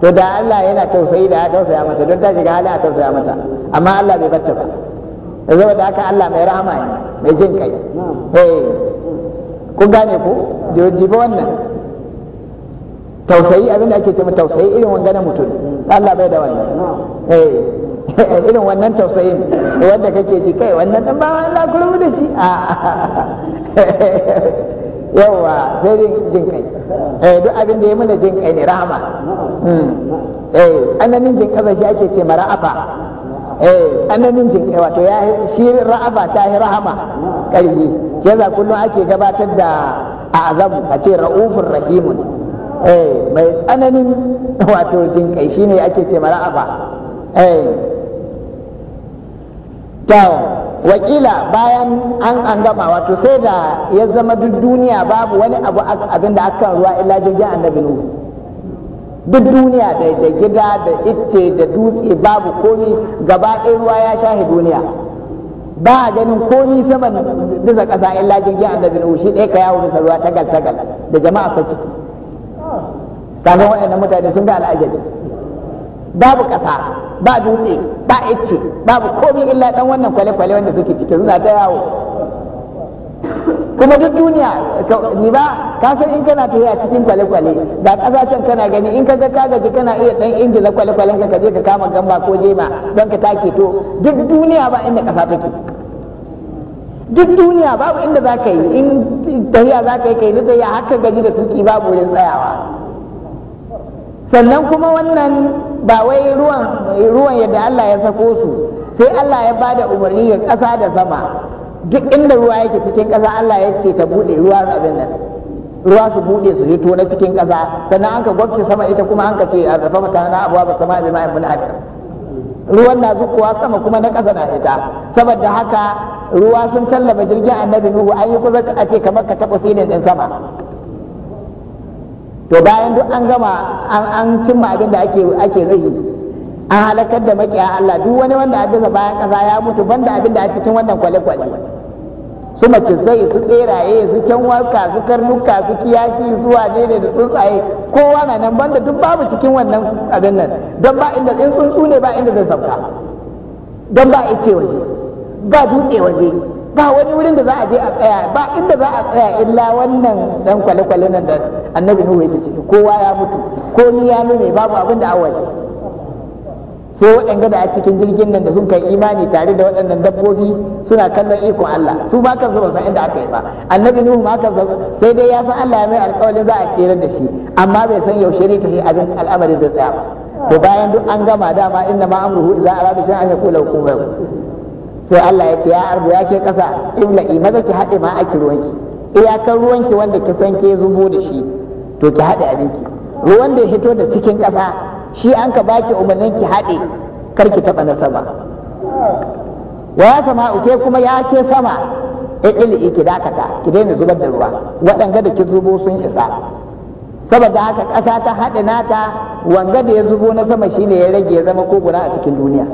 to da Allah yana tausayi da ya tausaya mata don ta shiga hali a tausaya mata amma Allah bai barta ba zama da haka Allah mai rahama ne mai jin kai eh. ku gane ku ba wannan tausayi abinda ake ce tausayi irin na mutum mm. Allah bai da wannan eh irin wannan tausayin wanda kake ji kai wannan dan ba Allah kurmi da shi a ah. yawa sai jin kai eh duk abin da ya mana jin kai ne rahama hmm. eh tsananin jin kai shi ake ce mara'afa eh tsananin jin kai wato ya shi ra'afa ta yi rahama karhi shi za kullum ake gabatar da azabu a ce ra'ufur rahimun eh mai tsananin wato jin kai shine ake ce mara'afa eh to wakila bayan an an gama wato sai da ya zama duk duniya babu wani abu abin da aka ruwa illa jirgin annabi nuhu duk duniya da da gida da icce da dutse babu komi gaba ɗaya ruwa ya shahi duniya ba a ganin komi saman bisa ƙasa illa jirgin annabi nuhu shi ɗaya ka yawo bisa ruwa tagal tagal da jama'a sa ciki kafin waɗannan mutane sun ga al'ajabi babu ƙasa ba dutse ba ce babu komai illa dan wannan kwale-kwale wanda suke ciki suna ta yawo kuma duk duniya ni ba ka san in kana tafiya cikin kwale-kwale ga ƙasa can kana gani in ka ga ka gaji kana iya dan ingiza kwale-kwalen ka je ka kama gamba ko jema don ka take to duk duniya ba inda ƙasa take duk duniya babu inda za ka yi in tafiya za ka yi kai na tafiya haka gaji da tuki babu wurin tsayawa sannan kuma wannan ba wai ruwan eh, ruwan yadda Allah ya sako su sai Allah ya bada umarni ga ƙasa da sama duk inda ruwa yake cikin ƙasa Allah ya ce ta bude ruwa abin nan ruwa su bude su hito na cikin ƙasa sannan an ka gwabce sama ita kuma an ka ce a zafa mata na abuwa ba sama bi ma'in munhadir ruwan na zukuwa sama kuma na ƙasa na ita, saboda haka ruwa sun tallaba jirgin annabi nuhu yi kusa a ce kamar ka taɓa sinin ɗin sama to bayan duk an gama an cimma abin da ake ake nufi an halakar da makiya Allah duk wani wanda addasa bayan ƙasa ya mutu banda abin da a cikin wannan kwale-kwale su macizai su beraye su kyanwarka su karnuka su kiyashi zuwa waje ne da tsuntsaye kowa na nan banda duk babu cikin wannan abin nan don ba inda in tsuntsu ne ba inda zai sauka don ba ice waje ba dutse waje ba wani wurin da za a je a tsaya ba inda za a tsaya illa wannan dan kwale-kwale nan da annabi nuhu yake ciki kowa ya mutu ko ni ya nume babu abin da waje sai waɗanda da a cikin jirgin nan da sun kai imani tare da waɗannan dabbobi suna kallon iko Allah su ba kan zuba san inda aka yi ba annabi nuhu ma kan sai dai ya san Allah ya mai alƙawarin za a tsere da shi amma bai san yaushe ne ta yi abin al'amarin da tsaya ba to bayan duk an gama dama inna ma amruhu idza arada shay'an yaqulu lahu kun sai Allah ya ce ya ardu ya ke kasa ibla'i maza ki haɗe ma aki ruwanki iyakar ruwanki wanda ki san ke zubo da shi to ki haɗe abinki ruwan da ya hito da cikin ƙasa shi an ka baki umarnin ki haɗe kar ki taɓa na sama wa sama uke kuma ya ke sama ya ikili ki dakata ki daina zubar da ruwa waɗanga da ki zubo sun isa saboda haka ƙasa ta haɗe nata wanga da ya zubo na sama shine ya rage ya zama koguna a cikin duniya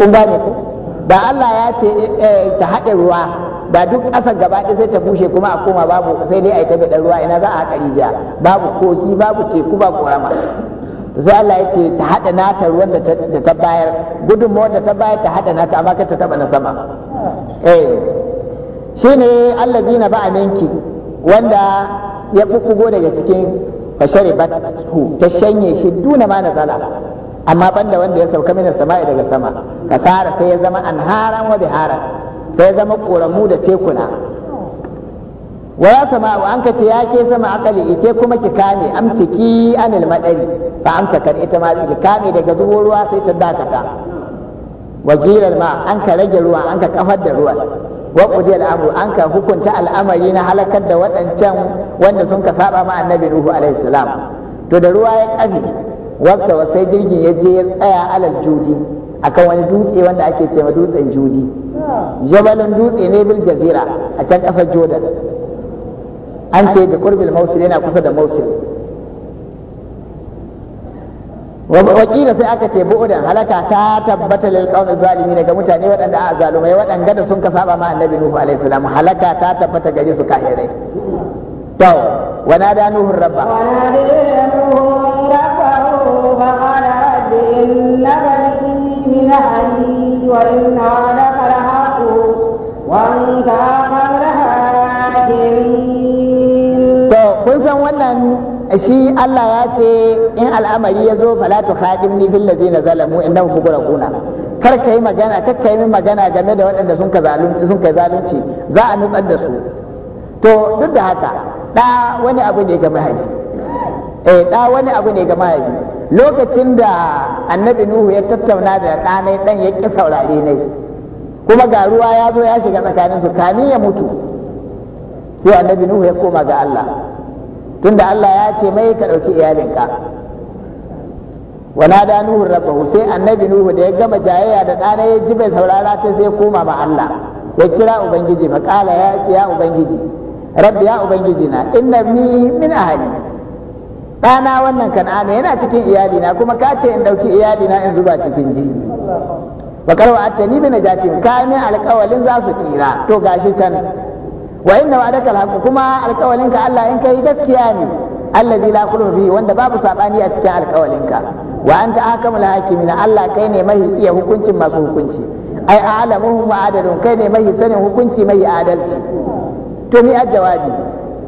kun gane ku da Allah ya ce eh, ta haɗe ruwa da duk ƙasar gaba ɗaya sai ta bushe kuma a koma babu sai dai a yi ta biɗar ruwa ina za a haƙa rijiya babu koki, babu teku ba ƙorama sai Allah ya ce ta haɗa nata ruwan da ta bayar gudunmawar da ta bayar ta haɗa nata amma kai ta taɓa na sama eh zina ba ba'a minki wanda ya ƙuƙugo daga cikin ba ta shanye shi duna ma na zala amma banda wanda ya sauka mina sama'i daga sama kasara sai ya zama anharan wa biharan sai ya zama koramu da tekuna wa ya wa an ka ce ya ke sama akali ike kuma ki kame amsiki anil madari fa kan ita ma ki kame daga zubo sai ta dakata wa ma an ka rage ruwa an ka kafar da ruwan wa qudi an ka hukunta al'amari na halakar da waɗancan wanda sun ka saba ma annabi ruhu alaihi salam to da ruwa ya kafe wata sai jirgin ya je ya tsaya alal judi akan wani dutse wanda ake ce ma dutsen judi jabalin dutse ne bil jazira a can kasar jordan an ce bi kurbil mausil yana kusa da mausil wakila sai aka ce bu'udan halaka ta tabbata lil qaumi zalimin ga mutane waɗanda a zalumai waɗanda da sun ka saba ma annabi nuhu alaihi salam halaka ta tabbata gare su kahirai to wana da nuhu rabba wana da nuhu rabba
إنك وأنت
kun san wannan shi Allah ya ce in al'amari ya zo fala tu khadim ni fil ladina zalamu innahu mughraquna kar ka yi magana kar ka yi magana game da waɗanda sun ka zalunci kai zalunci za a nutsar da su to duk da haka da wani abu ne ga mahaifi eh da wani abu ne ga mahaifi lokacin da annabi nuhu ya tattauna da ɗanai ɗan ya ƙi saurare ne kuma ga ruwa ya zo ya shiga tsakanin tsakaninsu kamin ya mutu sai annabi nuhu ya koma ga allah tunda allah ya ce mai ka ɗauki iyalinka wana da nuhu rabbahu sai annabi nuhu da ya gama jayayya da ɗana ya ji bai saurara ta sai koma ma allah ya kira ubangiji makala ya ce ya ubangiji rabbi ya ubangiji na inna ni min ahli ɗana wannan kan'ana yana cikin iyali na kuma ka ce in ɗauki iyali na in zuba cikin jirgi wa karwa ni bi jatin ka min alƙawalin za su tsira to gashi can wa inna wa'adaka alhaq kuma alƙawalin ka Allah in kai gaskiya ne allazi la khulufa bi wanda babu sabani a cikin alƙawalin ka wa anta hakimi na Allah kai ne mai iya hukuncin masu hukunci ai a'lamuhum wa adalun kai ne mai sanin hukunci mai adalci to ni a jawabi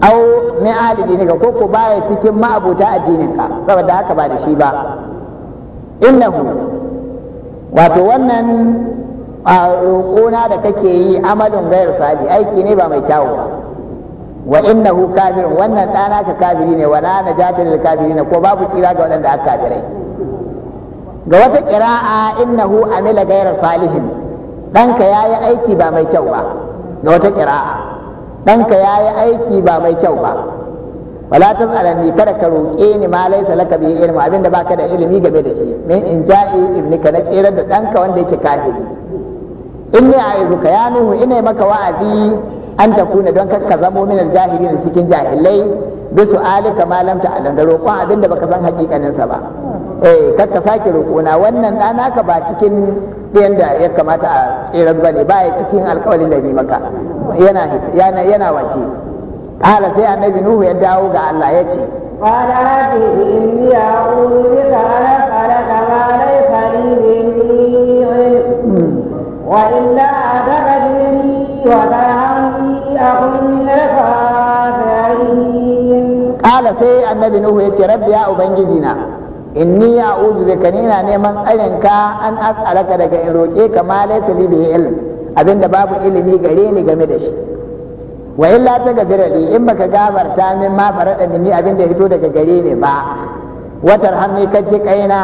au min ahli ko ko baya cikin ma'abuta addinin ka saboda haka ba da shi ba innahu wato wannan roƙona da kake yi amalin gayar sadi aiki ne ba mai kyawu ba wa innahu kafirun wannan ɗana ka kafiri ne wala da kafirin ko babu tsira ga waɗanda aka kafirai ga wata qira'a innahu amila gayar salihin ɗanka yayi aiki ba mai kyau ba ga wata ƙira'a. ɗanka ya yi aiki ba mai kyau ba wala tun alanni kada ka roƙe ni ma laisa laka bi ilmu abinda baka da ilimi game da shi min in ja'i ka na tserar da ɗanka wanda yake kafiri in ne a ka ya nuhu ina maka wa'azi an takuna don kakka zamo min na cikin jahilai bi alika ma lam ta'lam da roƙon abinda baka san hakikaninsa ba eh kakka sake roƙona wannan ɗanaka ba cikin ta yanda ya kamata a tseren bane baya cikin alkawarin da ni maka yana yana yana wace qala sai annabi nuhu ya dawo ga Allah ya ce qala rabbi inni a'udhu
bika an as'alaka ma laysa li bihi wa illa adabani wa ta'amni akun min
al-fasirin qala sai annabi nuhu ya ce rabbi ya ubangiji na inni ya uzu da kani na neman tsarinka an as'alaka daga in roƙe ka ma laysa li bihi ilm abinda babu ilimi gare ni game da shi wa illa ta gajirali in baka gafarta min ma farada mini abin ya fito daga gare ni ba watar hamni ka ji kaina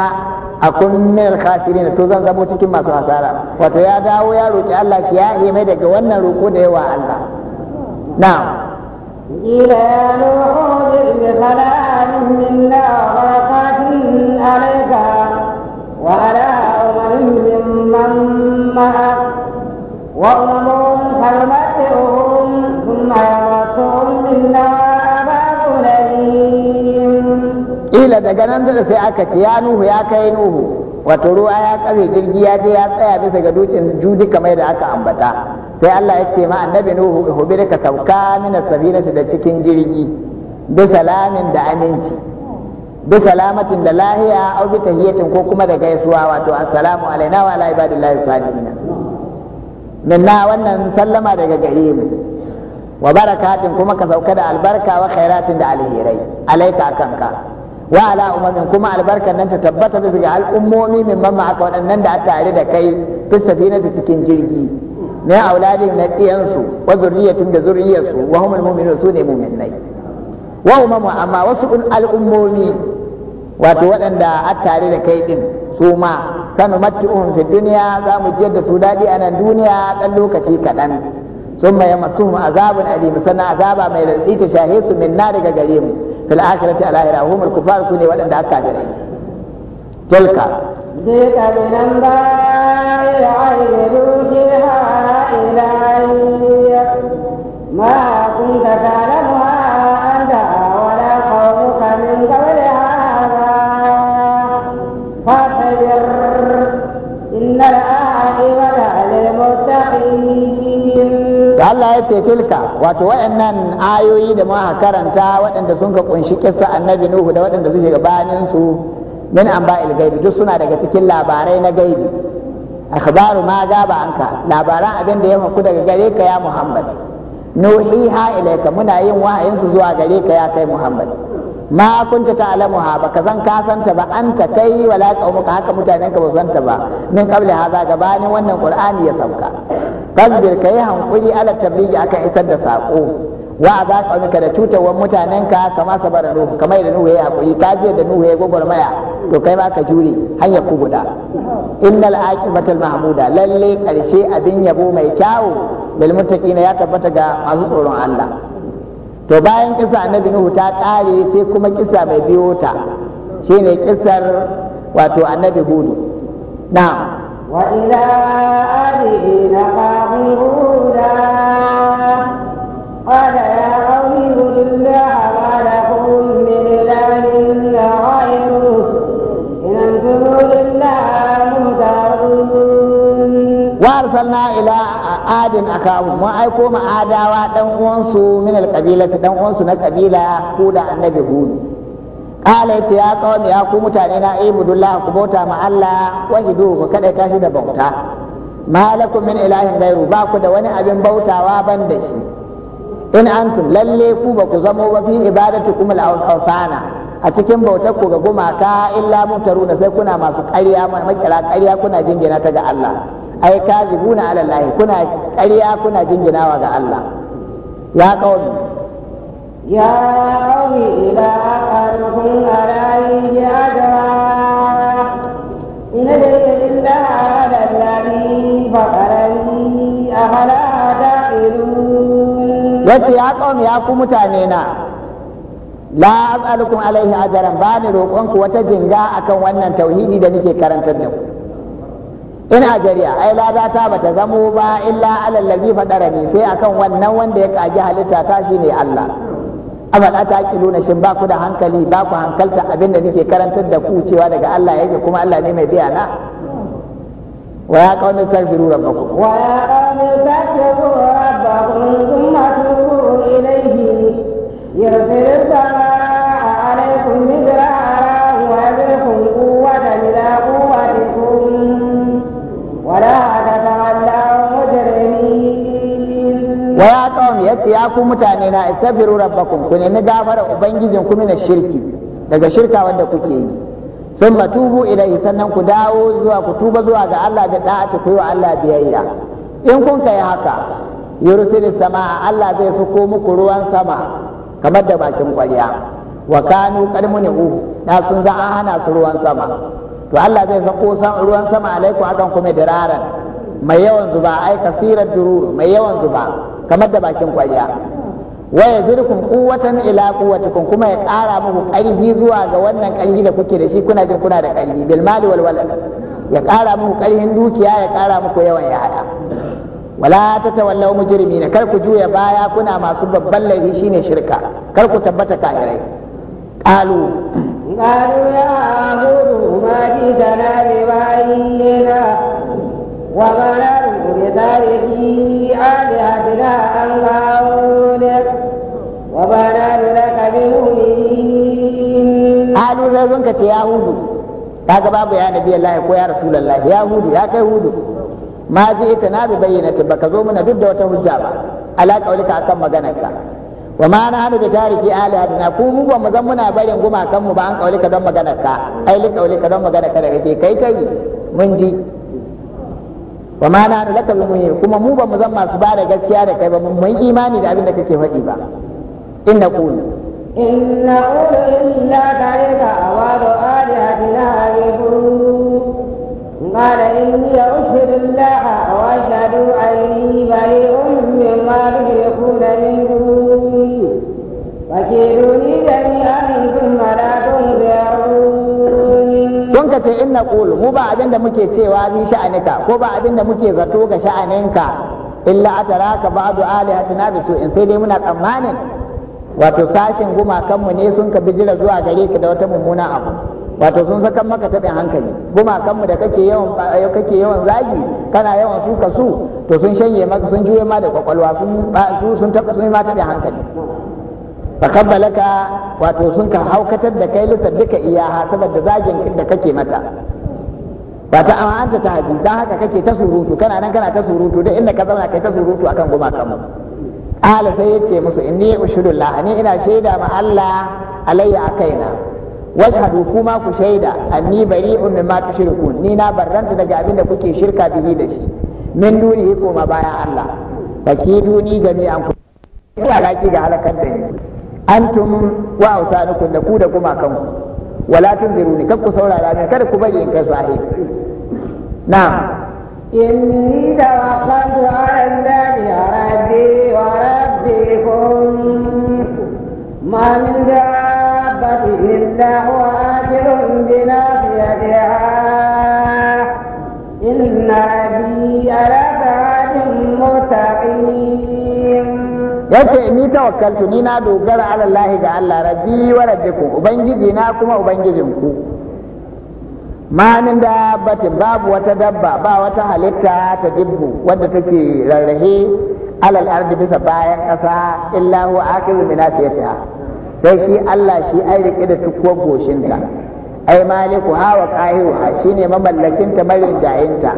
a kun khasirin to zan zamo cikin masu hasara wato ya dawo ya roki Allah shi ya hime daga wannan roƙo da yawa Allah na'am
إلى نوح بسلام منا وبركاته عليك وعلى أمم من معك وأمم سنمتعهم ثم يمسهم منا
Ila daga nan da sai aka ce ya nuhu ya kai nuhu wato ruwa ya kafe jirgi ya je ya tsaya bisa ga dukin judi kamar da aka ambata sai Allah ya ce ma annabi nuhu ihubirka sauka mina sabinati da cikin jirgi bi salamin da aminci bi salamatin da lahiya au bi tahiyatin ko kuma da gaisuwa wato assalamu alaina wa ala ibadillahi salihin minna wannan sallama daga gare mu wa barakatin kuma ka sauka da albarka wa khairatin da alherai alaika kanka. wa ala umamin kuma albarkan nan ta tabbata bisa ga al'ummomi min mamma aka waɗannan da a tare da kai fi safinata cikin jirgi na auladin na ɗiyansu wa zurriyatin da zurriyarsu wa humul mu'minun su ne mu'minnai wa umamu amma wasu al'ummomi wato waɗanda a tare da kai ɗin su ma sanu matti'uhum fi duniya za mu jiyar da su daɗi a nan duniya ɗan lokaci kaɗan sun mai masu azabun alim sannan azaba mai raɗi ta shahe su min na daga gare mu fil akhirati alahira humul kufar su ne waɗanda aka gare tilka
min ma
Allah ya ce tilka wato waɗannan ayoyi da muka karanta waɗanda sun ka kunshi kissa annabi Nuhu da waɗanda suke gabanin su min anba'il gaibi duk suna daga cikin labarai na gaibi akhbaru ma gaba anka labaran abin da ya maku daga gare ka ya Muhammad nuhiha muna yin wahayin su zuwa gare ka ya kai Muhammad ma kunta ta'lamuha baka zan ka santa ba anta kai wala ka haka mutanen ka ba santa ba min qabli hadha gabanin wannan qur'ani ya sauka fasbir ka yi hankuri ala tabligi akan isar da sako wa za ka ka da mutanen mutanenka kama sabara nuhu kamar da nuhu ya hakuri ka je da nuhu ya gwagwarmaya to kai ma ka jure hanyar ku guda innal aqibatal mahmuda lalle karshe abin yabo mai kyawu bil muttaqina ya tabbata ga masu tsoron Allah to bayan kisa annabi nuhu ta kare sai kuma kisa mai biyo ta shine kisar wato annabi hudu na'am
وإلى أبيه نقاهم هودا قال يا قوم اعبدوا الله ما لكم من إله إلا غيره إن أنتم إلا مهتدون
وأرسلنا إلى عاد أخاهم وأيكم عاداوا دنوانسو من القبيلة دنوانسو من القبيلة هودا النبي هود qala ita ya qawmi ya ku mutane na ibudullah eh, ku bauta ma Allah wahidu ku kada tashi da bauta malakum min ilahin gairu ba ku da wani abin bautawa ban da shi in antum lalle ku ba ku zamo ba fi ibadatikum al-awthana a cikin bautar ku ga gumaka illa mutaruna sai kuna masu ƙarya makira ƙarya kuna jingina ta ga Allah ai kazibuna ala Allah kuna ƙarya kuna jinginawa ga Allah ya kawo ya kawo ila yace عليه أجرا
إن أجري إلا على الذي فعلني أفلا تعقلون
Ya ya la as'alukum alaihi ajran ba ni roƙonku wata jinga akan wannan tauhidi da nake karantar da ku in ajariya ai lada ta bata zamo ba illa alal ladhi fadarani sai akan wannan wanda ya kaji halitta ta shine Allah afala ta nuna shin ba ku da hankali ba ku hankalta da nake karantar da ku cewa daga Allah yake kuma Allah ne mai biya na wa ya qaumi astaghfiru rabbakum wa ya
qaumi astaghfiru rabbakum
ya ku mutane na istaghfiru rabbakum ku nemi gafara ubangijin ku mina shirki daga shirka wanda kuke yi sun matubu ilaihi sannan ku dawo zuwa ku tuba zuwa ga Allah da da'ati ku yi Allah biyayya in kun kai haka yursil sama Allah zai suko muku ruwan sama kamar da bakin kwaliya wa kanu u da sun za a hana su ruwan sama to Allah zai sako ruwan sama alaiku akan kuma diraran mai yawan zuba ai kasirar durur mai yawan zuba kamar da bakin kwariya waya zirkun kuwatan ila quwwatikum kuma ya ƙara muku ƙarfi zuwa ga wannan ƙarfi da kuke da shi kuna jin kuna da ƙarfi bil mali wal walad ya ƙara muku ƙarfin dukiya ya ƙara muku yawan yaya wala tatawallaw mujrimina kar ku juya baya kuna masu babban laifi shine shirka kar ku tabbata kafirai qalu
قالوا يا هود ما جئتنا ببعيدنا
وما
بتاركي آلهتنا عن قولك
وما نحن لك kaga babu ya nabi Allah ko ya rasulullahi ya hudu ya kai hudu ma ji ita na bi bayyana baka zo muna duk da wata hujja ba ala kaulika akan maganarka wa ma na hanu bi tariki alihatina ku mu ba mu zan muna barin gumakan mu ba an kaulika don maganarka ai li kaulika don maganarka da kake kai kai mun ji wa ma na laka bi kuma mu ba mu zan masu ba da gaskiya da kai ba mu yi imani da abin da kake faɗi ba in na qulu
in na qulu illa tarika wa du'atina yasu إني أشهد الله وأشهد أني بريء مما تشركون منه
sun ka ce inna qulu mu ba abinda muke cewa ni sha'anika ko ba abinda muke zato ga sha'aninka illa ataraka ba'du alihatina bisu in sai dai muna tsammanin wato sashin gumakanmu ne sun ka bijira zuwa gare ka da wata mummuna abu wato sun saka maka taɓin hankali gumakanmu da eh, kake yawan zagi kana yawan suka su to sun shanye maka sun juye ma da kwakwalwa sun sun sun ma taɓin hankali fakabbalaka wato sun ka haukatar da kai Lissa iya iyaha saboda zagin da kake mata wato amma anta ta hadi dan haka kake ta surutu kana nan kana ta surutu da inda ka zauna kai ta surutu akan kan mu ala sai yace musu inni ushudullah ni ina shaida ma Allah alayya akaina washhadu kuma ku shaida anni bari'un mimma tushrikun ni na barranta daga abin da kuke shirka bihi da shi min duni ko ma bayan Allah fakiduni jami'an ku ina laki ga halakar da ni antum wa ausanukum da ku da kuma kanku wala tunziruni ku saurara ne kada ku bari in kai sahi na'am
inni da wa qadu anda bi wa rabbikum man da batilla wa bina biha
yace ni tawakkaltu ni na dogara ala Allah ga Allah rabbi wa rabbikum ubangiji na kuma ubangijin ku ma min dabbatin babu wata dabba ba wata halitta ta dibbu wadda take rarrahe alal ardi bisa bayan kasa. illa huwa akizu min sai shi Allah shi an rike da tukuwar goshinta ai maliku hawa qahiruha shine mamallakin ta marin jayinta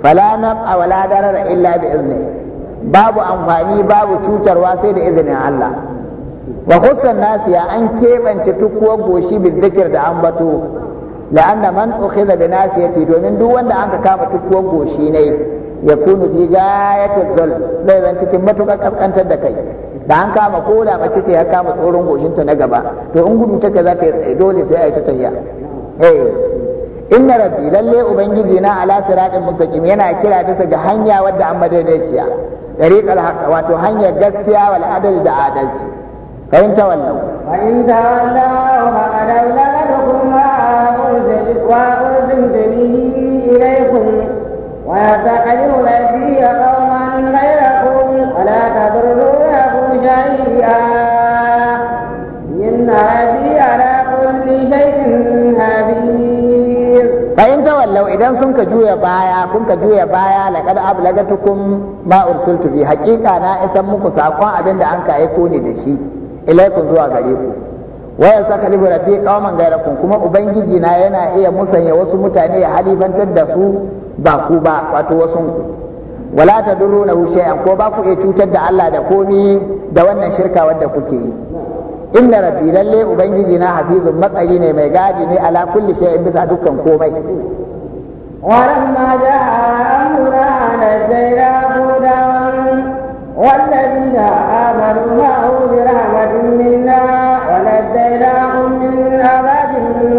fala nab awla darara illa bi izni babu amfani babu cutarwa sai da izinin Allah wa khussan nasiya an kebance tukuwar goshi bin zikir da ambato la'anna man ukhidha bi nasiyati domin duk wanda an ka kama tukkuwar goshi ne ya kunu fi zul zai zan cikin matukar kaskantar da kai da an kama ko da mace ce ya kama tsoron goshinta na gaba to in gudu take za ta yi tsaye dole sai a yi ta tahiya eh inna rabbi lalle ubangiji na ala siratin mustaqim yana kira bisa ga hanya wadda an madaidaiciya Ɗariƙa alhaƙa wato hanyar gaskiya wani adal da adalci. Kar intawannan.
Kar intawannan wata faɗa na lalata kun ba a haƙurin sai fi ni ilaikun, walasa ƙayyar lafiya tsawon hannun laifin
sun ka juya baya kun ka juya baya laqad ablagatukum ma ursiltu bi haqiqa na isan muku sakon abin da an ka aiko ni da shi ilaikum zuwa gare ku wa yastakhlifu rabbi qauman gairakum kuma ubangiji na yana iya musanya wasu mutane ya halifantar da su ba ku ba wato wasu ku wala tadurruna shay'an ko ba ku iya cutar da Allah da komi da wannan shirka wanda kuke yi inna rabbi lalle ubangiji na hafizun matsari ne mai gadi ne ala kulli shay'in bisa dukkan komai
ولما جاء أمرنا نجينا هودا والذين آمنوا معه برحمة منا ونجيناهم من عذاب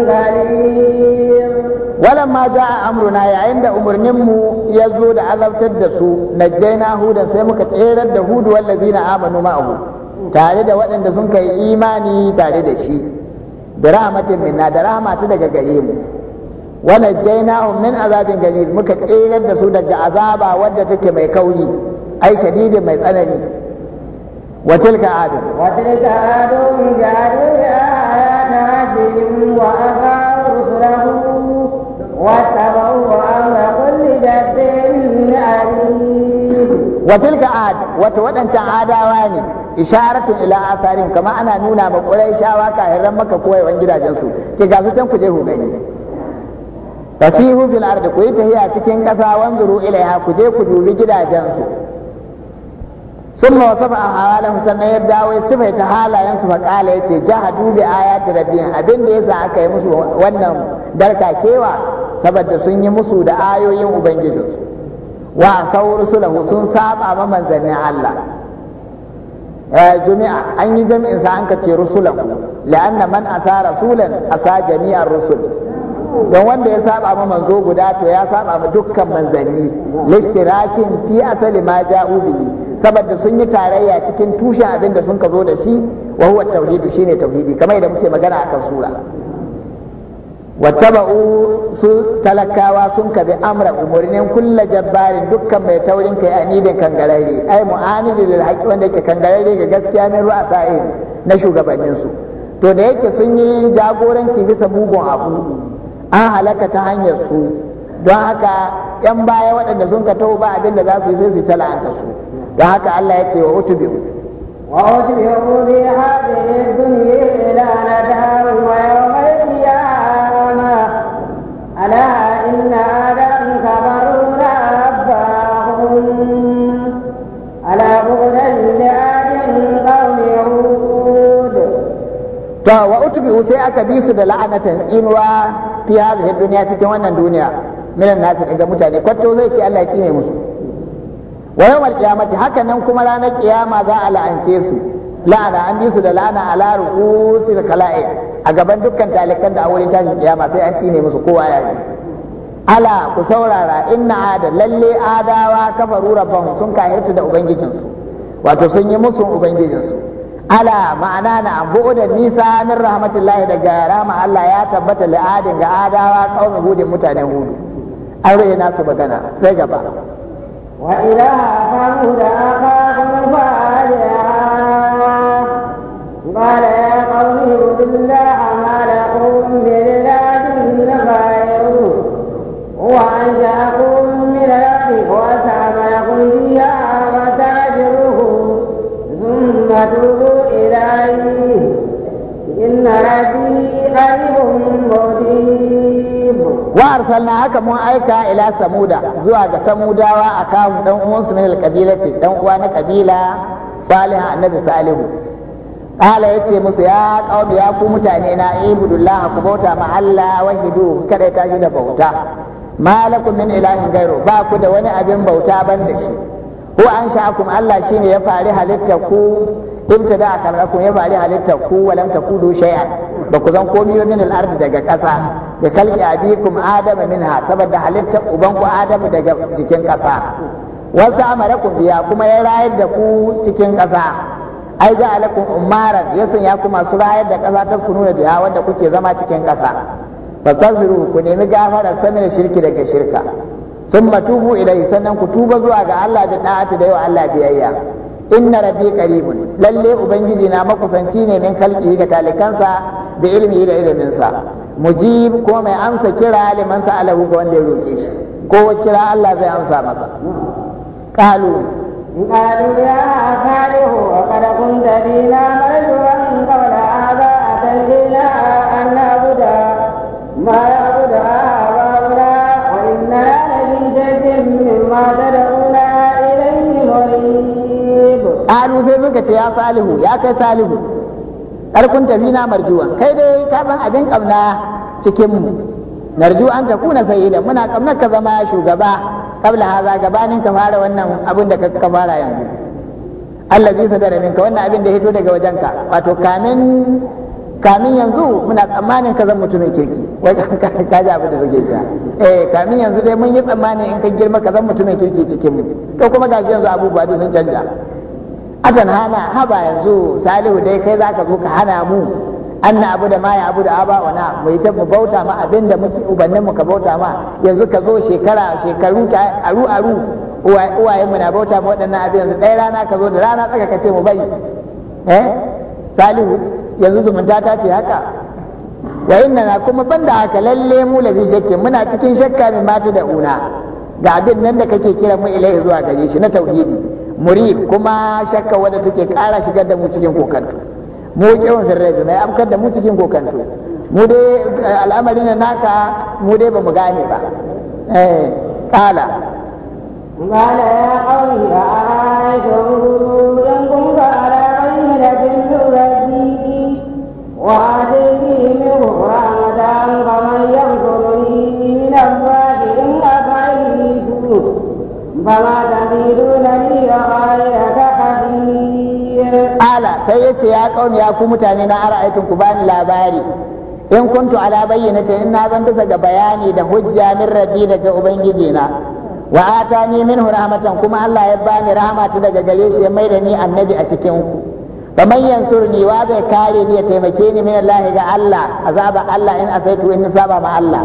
غليظ
ولما جاء أمرنا يا عند نمو يزود عذاب تدسو نجينا هودا سيمك تيرد هود والذين آمنوا معه tare da waɗanda sun kai imani tare da shi da rahmatin minna da rahama daga gare mu wa najjaynahum min azabin gani muka tsirar da su daga azaba wadda take mai kauri ai shadidin mai tsanani wa tilka adam
wa tilka adam ja'alu ayana ya wa asaru rusulahu wa tabawu amra kulli jabbarin
wa tilka ad wato wadancan adawa ne isharatu ila asarin kama ana nuna ma quraishawa kahiran maka gidajen gidajensu ce ga su can kuje hu gani fasihu fil ardi ku yi tahiya cikin ƙasa wanzuru ilaiha ku je ku dubi gidajensu summa wasafa ahwalahum sannan ya dawo sifaita halayen su makala yace jahadu bi ayati rabbihim abin da yasa aka yi musu wannan darka kewa saboda sun yi musu da ayoyin su wa sauru sulahu sun saba ma manzannin Allah eh, An yi jami'in جميع إنسان كتير rusulahu la'anna man asara rasulan asa jami'ar rusul don wanda ya saba ma manzo guda to ya saba ma dukkan manzanni lishtirakin fi asali ma ja'u bihi saboda sun yi tarayya cikin tushen abin da sun ka zo da shi wa huwa tauhidu shine tauhidi kamar yadda muke magana akan sura wattaba'u su talakawa sun kabi amra umurnin kullu jabbarin dukkan mai taurin kai anidin kangararre ai mu'anidi lil haqi wanda yake kangararre ga gaskiya min sai na shugabanninsu to da yake sun yi jagoranci bisa mugun abu an halaka ta hanyar su don haka yan baya waɗanda sun ka ta'u ba abin da za su yi sai su tala'anta su don haka Allah ya ce wa utubiu
wa wa utubiu sai
aka bi su da la'anatan tsinuwa fi hadhihi dunya cikin wannan duniya minan nasi daga mutane kwato zai ce Allah kine musu wa yawmal qiyamati haka nan kuma ranar kiyama za a la'ance su la'ana an bi su da la'ana ala ru'usil khala'i a gaban dukkan talikan da a tashin kiyama sai an kine musu kowa ya ji ala ku saurara inna ada lalle adawa kafaru rabbahum sun kahirta da ubangijinsu wato sun yi musu ubangijinsu ala ma'ana na bu'udan nisa min rahmatullahi daga rama Allah ya tabbata li'adin ga adawa kaumin hudin mutanen hudu an na nasu magana sai gaba
wa ila aka akahum ba qala ya qaumi billahi amala
wa arsalna haka mun aika ila samuda zuwa ga samudawa a kamun dan uwansu min ce, dan uwa na kabila salihu annabi salihu qala yace musu ya qaumi ya ku mutane na ibudullah ku bauta ma Allah wahidu kada ta shi da bauta malakum min ilahin gairu ba ku da wani abin bauta ban da shi ko an sha'akum Allah shine ya fari halitta ku ibtada akalrakum ya fari halitta ku walam takudu shay'an ba ku zan komi min al-ardi daga ƙasa da kalki abikum adama minha saboda halittar ubanku adamu daga cikin ƙasa wasu ku biya kuma ya rayar da ku cikin ƙasa ai ja alakum umaran ya sanya ku masu rayar da ƙasa ta ku nuna biya wanda kuke zama cikin ƙasa fastaghfiru ku nemi gafara sanin shirki daga shirka thumma tubu ilayhi sannan ku tuba zuwa ga Allah da da'ati da yau Allah biyayya inna rabbi qaribun lalle ubangiji na makusanci ne min kalki ga talikansa da ilmi da iliminsa mujib ko mai amsa kira liman sa'alahu ga wanda ya roke shi ko kira Allah zai amsa masa qalu qalu ya salihu wa qad kunta lina rajulan
qawla hadha atalina an nabuda ma yabuda abawla wa inna min shay'in mimma tad'una ilayhi
murib qalu sai suka ce ya salihu ya kai salihu karkun tafi na marjuwan kai dai ka san abin kauna cikin mu narju an takuna sayyida muna kamnar ka zama shugaba kabla haza gabanin ka fara wannan abin da ka fara yanzu Allah zai sadara minka wannan abin da ya hito daga wajenka wato kamin kamin yanzu muna tsammanin ka zan mutumin kirki wai ka ji abin da suke kira eh kamin yanzu dai mun yi tsammanin in ka girma ka zan mutumin kirki cikin mu to kuma gashi yanzu abubuwa duk sun canja atan hana haba yanzu salihu dai kai zaka zo ka hana mu An na abu da ma ya abu da aba wana mu ta mu bauta ma abin da muke ubannin mu ka bauta ma yanzu ka zo shekara shekaru ta aru aru uwaye mu na bauta ma waɗannan abin yanzu ɗaya rana ka zo da rana tsaka ka ce mu bai eh salihu yanzu zumunta ta ce haka wa inna na kuma banda haka lalle mu lafi shakki muna cikin shakka min mata da una ga abin nan da kake kira mu ilai zuwa gare shi na tauhidi murid kuma shakka wadda take ƙara shigar da mu cikin kokanto mu kewan firrabi mai afkar da mu cikin kokanto mu dai eh, al'amarin naka mu dai ba mu gane ba eh kala ya
يا قوم أعانتم إن كنت على بينة من ربي وآتي
ce ya kauni ya ku mutane na ara'aytun ku bani labari in kuntu ala bayyana ta in na zan bisa ga bayani da hujja min rabbi daga ubangiji na wa atani minhu rahmatan kuma Allah ya bani rahama ta daga gare shi ya maida ni annabi a cikin ku fa man yansurni wa zai kare ni ya taimake ni min Allah ga Allah azaba Allah in asaitu in saba ma Allah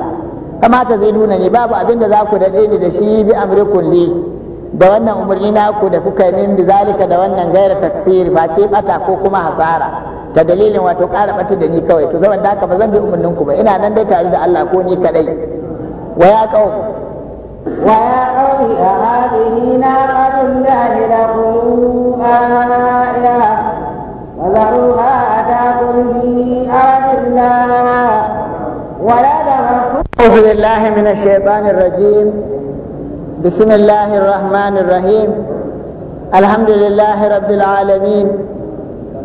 kama zai nuna ni babu abin da za ku dade ni da shi bi amrikun li da wannan umarni naku da kuka min bizalika da wannan gaira tafsir ba ce bata ko kuma hasara ta dalilin wato ƙara bata da ni kawai to da haka ba zan bi umarnin ku ba ina nan dai tare da Allah ko ni kadai wa ya qaum wa ya
qaumi a qadun da lahi lakum aya wa zaruha atakum bi aradillah wa la ta'khudhu
billahi minash shaitanir rajim بسم الله الرحمن الرحيم الحمد لله رب العالمين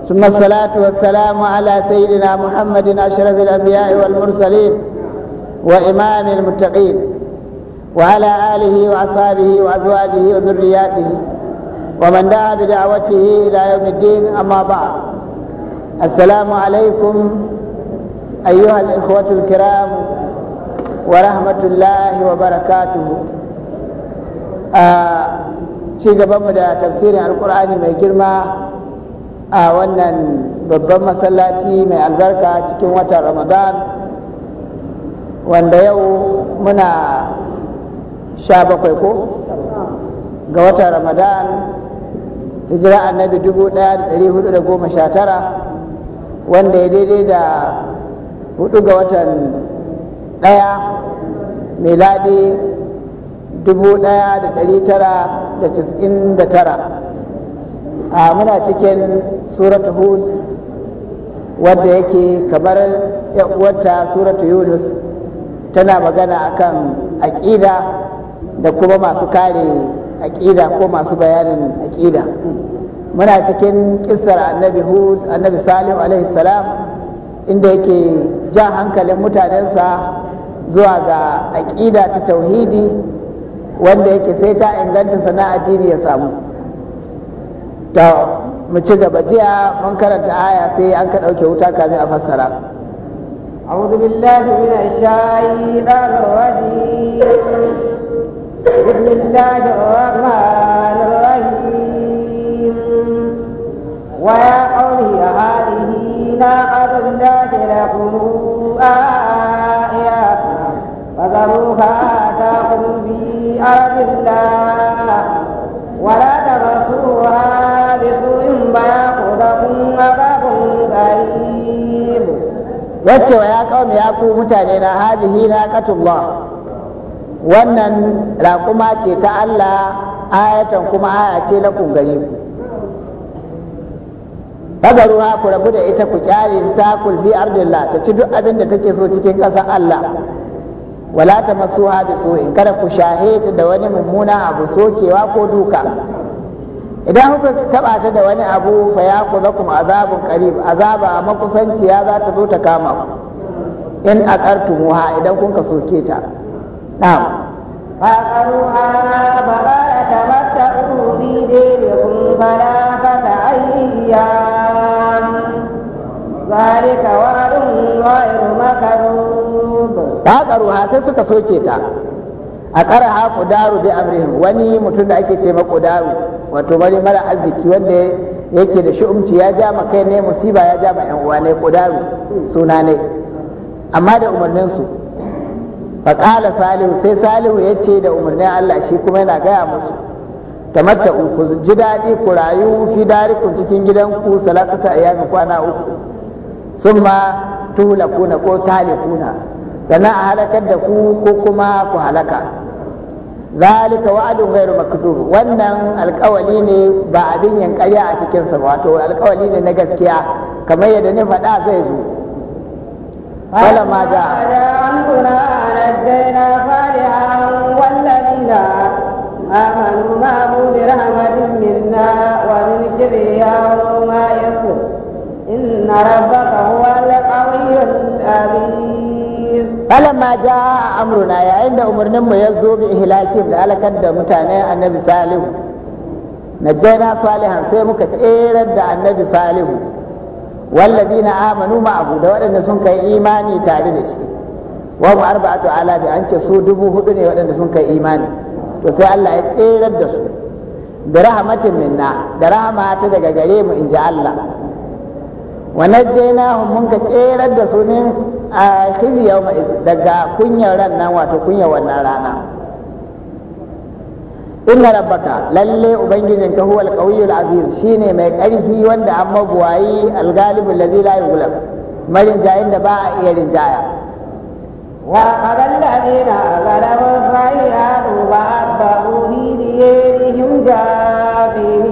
ثم الصلاة والسلام على سيدنا محمد أشرف الأنبياء والمرسلين وإمام المتقين وعلى آله وأصحابه وأزواجه وذرياته ومن دعا بدعوته إلى يوم الدين أما بعد السلام عليكم أيها الإخوة الكرام ورحمة الله وبركاته a ci gabanmu da tafsirin alkur'ani mai girma a wannan babban masallaci mai albarka cikin watan ramadan wanda yau muna sha bakwai ko ga watan ramadan hijira annabi 1419 wanda ya daidai da hudu ga watan daya miladi 1999 a muna cikin suratu hud wadda yake kamar wata surat yunus tana magana akan aƙida da kuma masu kare aƙida ko masu bayanin aƙida muna cikin ƙisar annabi hud annabi salim alaihi salam inda yake jan hankalin mutanensa zuwa ga aƙida ta tauhidi wanda yake sai ta inganta sana'a addini ya samu ta mu ci gaba jiya mun karanta aya sai an ka ɗauke wuta kafin a fassara
أعوذ بالله من الشيطان الرجيم بسم الله الرحمن الرحيم ويا قوم هذه ناقة الله لكم آية فذروها تأكل في ارض الله ولا تمسوها بسوء فياخذكم عذاب كريم
yace wa ya kawo ya ku mutane na hadihi wannan raƙuma ce ta Allah ayatan kuma aya ce na kungare ku daga ruwa ku rabu da ita ku kyale ta kulbi ardillah ta ci duk abin da take so cikin ƙasar Allah wala ta masu bi su'in kada ku shaheta da wani mummuna abu sokewa ko duka idan kuka taba ta da wani abu fa ya kuzakum azabun qarib azaba makusanciya za ta zo ta kama ku in aqartumuha idan kun ka soke ta na'am
fa qaruha fa qala tamatta'u bi dinikum salasata ayyam zalika wa'dun ghayru makarun
ba ƙaruha sai suka soke ta a ƙaraha ƙudaru bi amrihim wani mutum da ake ce maƙudaru wato wani mara arziki wanda yake da shi'umci ya ja ma kai ne musiba ya ja ma yan uwa ne ƙudaru suna ne amma da umarninsu. su faƙala salihu sai salihu ya ce da umarnin Allah shi kuma yana gaya musu tamatta ku ji daɗi ku rayu fi darikum cikin gidanku salasata ayyamin kwana uku summa tulakuna ko talikuna sannan a halakar da ku ko kuma ku halaka zalika wa'adun ghairu maktub wannan alkawali ne ba abin yankariya a cikin sa wato alkawali ne na gaskiya kamar yadda ni faɗa zai zo wala ma ja
amruna najjayna salihan walladina amanu ma'ahu bi rahmatin minna wa min sharri yawma yasur inna rabbaka huwal qawiyyul aziz
falamma a amruna yayin da umarnin mu ya zo bi ihlakin da alakar da mutane annabi salihu na jaina salihan sai muka tserar da annabi salihu na amanu ma'ahu da waɗanda sun kai imani tare da shi wa mu arba'atu alafi an ce su dubu hudu ne waɗanda sun kai imani to sai Allah ya tserar da su da rahmatin minna da rahama ta daga gare mu in ji Allah wa najjaynahum mun ka tserar da su a khizi yawma daga kunyar ran wato kunyar wannan rana inna rabbaka lalle ubangijin ka huwal qawiyul aziz shine mai karfi wanda an mabuwayi algalibul ladzi la yughlab marin jayin da ba a iya rinjaya
wa qaral ladina ghalabu sayyi'atu wa abahu li yarihim jazim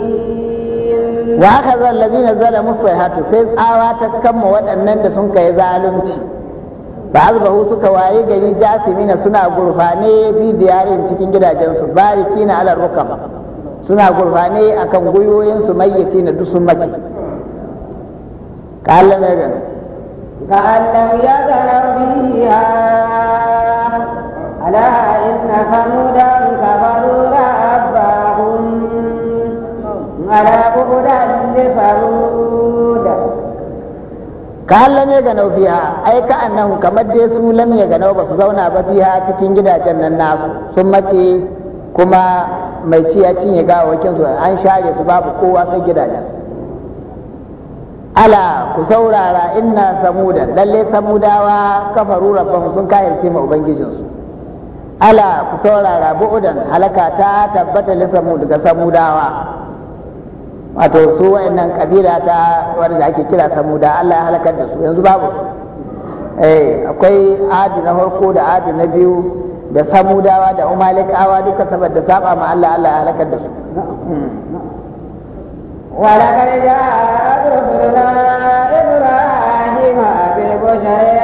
wa aka zan lazina zala musai hatu sai tsawa ta kama waɗannan da sun kai zalunci ba azbahu suka waye gari jasimina suna gurfane fi diyarin cikin gidajensu na alar rukaba suna gurfane kan gwiwoyinsu mayyaki na dusun mace kalla mai ya
كأن لم يغنوا فيها ألا إن ثمودا ne ga بؤدا لصمود
كان annahu kamar dai su lam ya ديسوا ba su zauna ba بفيها cikin gidajen nan nasu sun mace kuma mai ci ya cinye gawakin su an share su babu kowa sai gidajen ala ku saurara inna samuda lalle samudawa kafaru rabban sun kayarce ma ubangijinsu ala ku saurara bu'udan halaka ta tabbata li samud ga samudawa wato su wa'annan kabila ta wanda ake kira samuda Allah ya halakar da su yanzu babu su eh akwai adu na harko da adu na biyu da samudawa da umalikawa duka saboda saba ma Allah Allah ya halakar da su ya
جاءت ibrahim إبراهيم بالبشر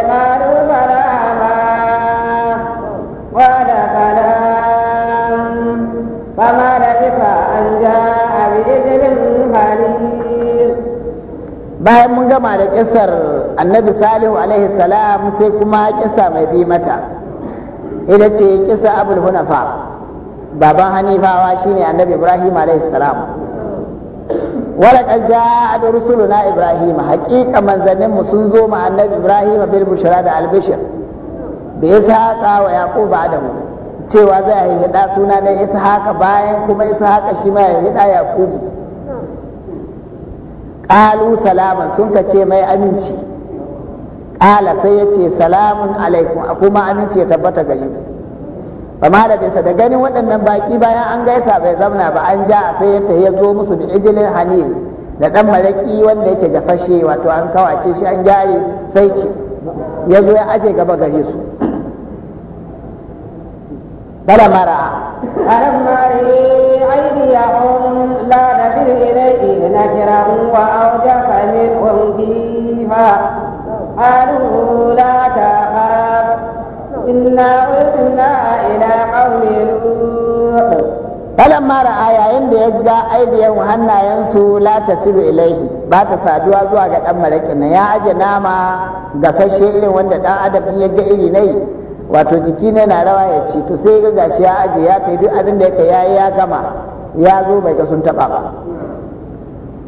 bayan mun gama da kisar annabi salihu alaihi salam sai kuma kisa mai bi mata ita ce kisa abul hunafa baban hanifawa shine annabi ibrahim alaihi salam walaqad da rusuluna ibrahim haqiqa manzannin mu sun zo ma annabi ibrahim bil bushra da al bishr bi ishaqa wa yaqub adamu cewa zai a yi hida suna na ishaqa bayan kuma ishaqa shi ma ya hida yaqub ƙalu salaman sun ka ce mai aminci ƙala sai yace salamun alaikum kuma aminci ya tabbata gari ku Ba da da ganin waɗannan baƙi bayan an gaisa bai zamna ba an ja sai ya tafi ya zo musu da ijilin hanir da ɗan maraƙi wanda yake gasashe wato an kawace shi an gyare sai ce ya zo ya aje gaba gare su bala mara
la بينهم mara منهم
yayin da ya ga aidiyan hannayensu la tasiru ilaihi ba ta saduwa zuwa ga ɗan maraƙin nan ya aje nama sashe irin wanda ɗan adam ya ga iri nai wato jiki ne na rawa ya ci to sai ga shi ya aje ya kai duk abin da ya yayi ya gama ya zo bai ga sun taɓa ba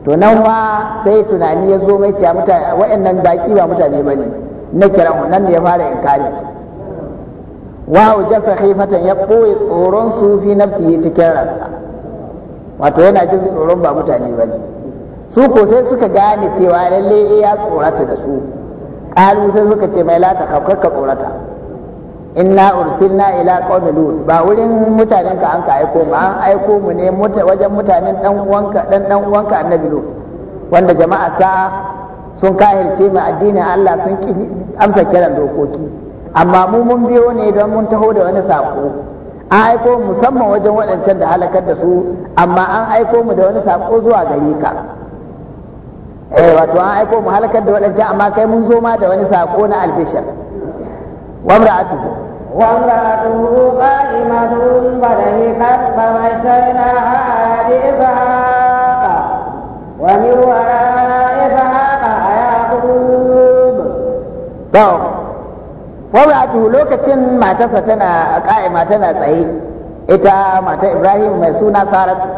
to nan ma sai tunani ya zo mai cewa mutane waɗannan baki ba mutane ba ne na kira nan ne ya fara inkari wa jasa khifatan ya ɓoye tsoron su fi nafsi cikin ransa wato yana jin tsoron ba mutane ba ne su ko sai suka gane cewa lalle eh ya tsorata da su ƙalu sai suka ce mai lata ka tsorata inna ursilna ila qaumi lut ba wurin mutanen ka an ka aiko mu an aiko mu ne wajen mutanen dan uwanka dan dan uwanka annabi lut wanda jama'a sa sun kahirce mu addinin Allah sun amsa kiran dokoki amma mu mun biyo ne don mun taho da wani sako an aiko musamman wajen waɗancan da halakar da su amma an aiko mu da wani sako zuwa gare ka eh wato an aiko mu halakar da waɗancan amma kai mun zo ma da wani sako na albishir wamra'atuhu
وامرأته قائمة فضحكت فبشرناها بإسحاق ومن وراء إسحاق
يعقوب ما تستنى قائمة tsaye ita mata Ibrahim mai suna Saratu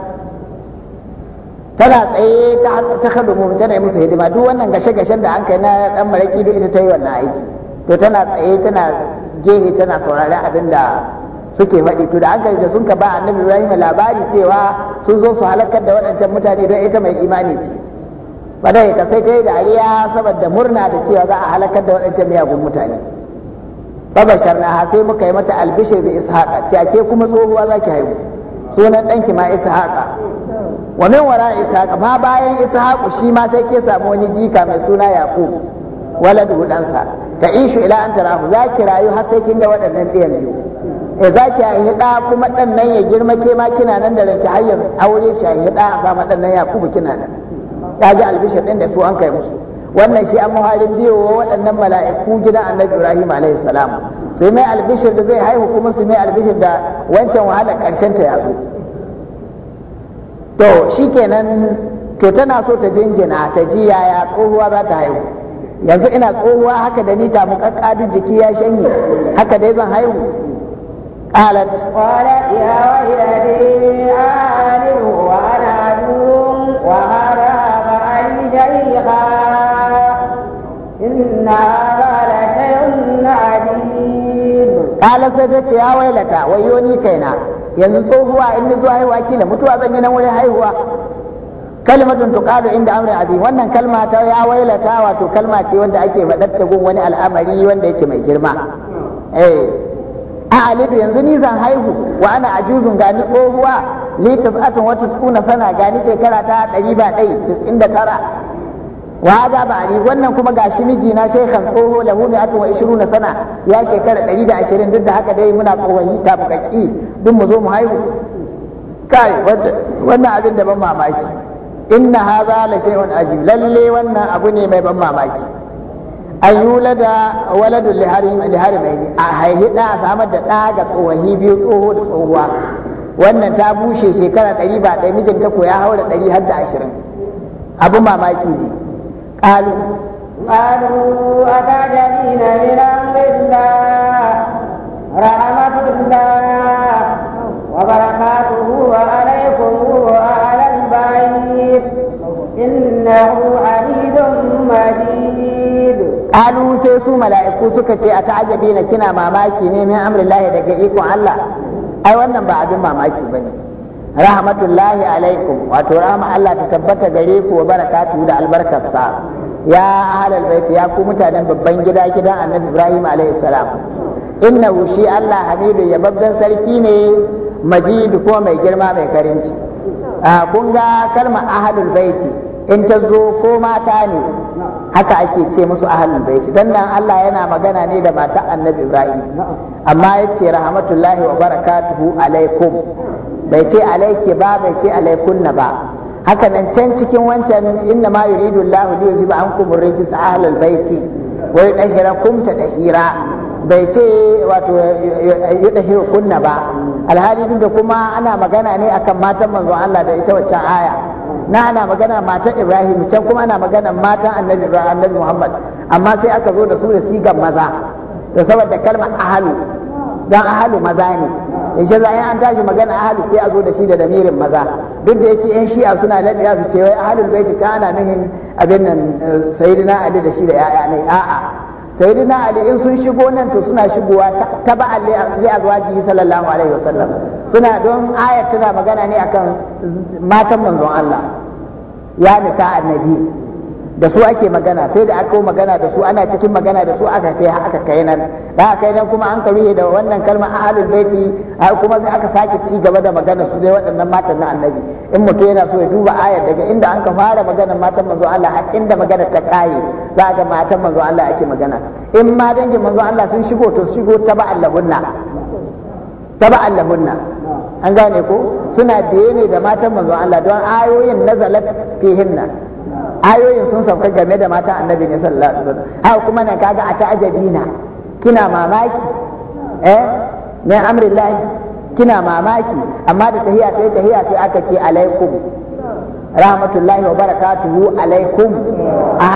tana tsaye ta kadumu tana yi musu hidima duk wannan gashe-gashen da an kai na dan maraki da ita ta yi wannan aiki to tana tsaye tana gehe tana saurari abin da suke faɗi to da hankali da sun ka ba annabi ibrahim labari cewa sun zo su halakar da waɗancan mutane don ita mai imani ce ba da ka sai ta yi dariya saboda murna da cewa za a halakar da waɗancan miyagun mutane fa ha sai muka yi mata albishir bi ishaqa cewa ke kuma tsohuwa za ki haihu sunan ɗanki ma ishaqa wa min wara ishaqa ma bayan ishaqu shi ma sai ke samu wani jika mai suna yaqub waladu dansa. ta ishu ila an tarahu za ki rayu har sai kin ga waɗannan ɗiyan biyu e za ki haihi ɗa kuma ɗan nan ya girma ke ma kina nan da ranki har yanzu aure shi haihi ɗa a sama ɗan nan yakubu kina nan Ya ji albishir ɗin da su an kai musu wannan shi an muharin biyo wa waɗannan mala'iku gidan annabi ibrahim alayhi salam su yi mai albishir da zai haihu kuma su yi mai albishir da wancan wahalar ƙarshen ta ya zo to shikenan to tana so ta jinjina ta ji yaya tsohuwa za ta haihu yanzu ina tsohuwa haka da ni tafi kakkadu jiki ya shanye haka dai zan haihu qalat
qala ya waylati alimu wa ana dum wa hada ma an shaykha inna la shay'un adid
qalat sai ta ce ya waylata wayo ni kaina yanzu tsohuwa in ni zuwa haihuwa kila mutuwa zan yi nan wurin haihuwa kalmatun tuqalu inda amrin azim wannan kalma ta ya wailata wato kalma ce wanda ake fadatta gun wani al'amari wanda yake mai girma eh a alidu yanzu ni zan haihu wa ana ajuzun gani tsohuwa li tis'atun wa tis'una sana gani shekara ta 100 wa ba ba'ri wannan kuma gashi miji na shaykhan tsoho lahu mi'atun wa 20 sana ya shekara 120 duk da haka dai muna tsohuwa ta bukaki duk mu zo mu haihu kai wannan abin da ban mamaki inna hadha la shay'un ajib lalle wannan abu ne mai ban mamaki an yulada waladun liharim liharimaini a haihi da a samar da ɗaga ga tsohahi biyu tsoho da tsohuwa wannan ta bushe shekara ɗari ba ɗaya mijinta ko ya haura ɗari har da ashirin abu mamaki ne ƙalu
قالوا أتعجبين من أمر الله رحمة الله له
sai su mala'iku suka ce a ta'ajabi na kina mamaki ne min amrillahi daga ikon Allah ai wannan ba abin mamaki bane rahmatullahi alaikum wato rahama Allah ta tabbata gare ku wa barakatu da albarkarsa ya ahlal baiti ya ku mutanen babban gida gidan annabi Ibrahim alaihi salam innahu shi Allah hamidu yababben sarki ne majid ko mai girma mai karimci ah, kun ga kalmar ahlul baiti in ta zo ko mata ne haka ake ce musu ahlul baiti dan nan Allah yana magana ne da mata Annabi Ibrahim amma yace rahmatullahi wa barakatuhu alaikum bai ce alaiki ba bai ce alaikunna ba haka nan can cikin wancan inna ma yuridu Allahu li yuziba ankum rijs ahlul baiti wa yudahhirakum tadhira bai ce wato yudahiru kunna ba alhali da kuma ana magana ne akan matan manzon Allah da ita waccan aya na ana magana matan ibrahim can kuma ana magana matan annabi annabi muhammad amma sai aka zo da su da sigan maza da saboda kalmar ahalu don ahalu maza ne in shi zai an tashi magana ahalu sai a zo da shi da damirin maza duk da yake yan shi'a suna labiya su ce wai Ahalu baiti ta ana nuhin abin nan eh, sayyidina ali da shi da ya'ya ne a'a sayyidina ali in sun shigo nan to suna shigowa ta ba li azwaji sallallahu alaihi wasallam suna don ayat tana magana ne akan matan manzon Allah ya nisa annabi da su ake magana sai da aka magana da su ana cikin magana da su aka kai aka kai nan da aka kai nan kuma an karuye da wannan kalma ahlul baiti kuma sai aka sake ci gaba da magana su dai waɗannan matan na annabi in mutum yana so ya duba ayar daga inda an ka fara magana matan manzo Allah har inda magana ta kai za ga matan manzo Allah ake magana in ma dangin manzo Allah sun shigo to shigo taba allahunna taba allahunna an gane ko suna biye ne da matan manzo Allah don ayoyin nazalat fihinna ayoyin sun sauka game da matan annabi ne sallallahu alaihi wasallam haka kuma ne kaga a ta'ajabina kina mamaki eh min amrillahi kina mamaki amma da tahiya ta tahiya sai aka ce alaikum rahmatullahi wa barakatuhu alaikum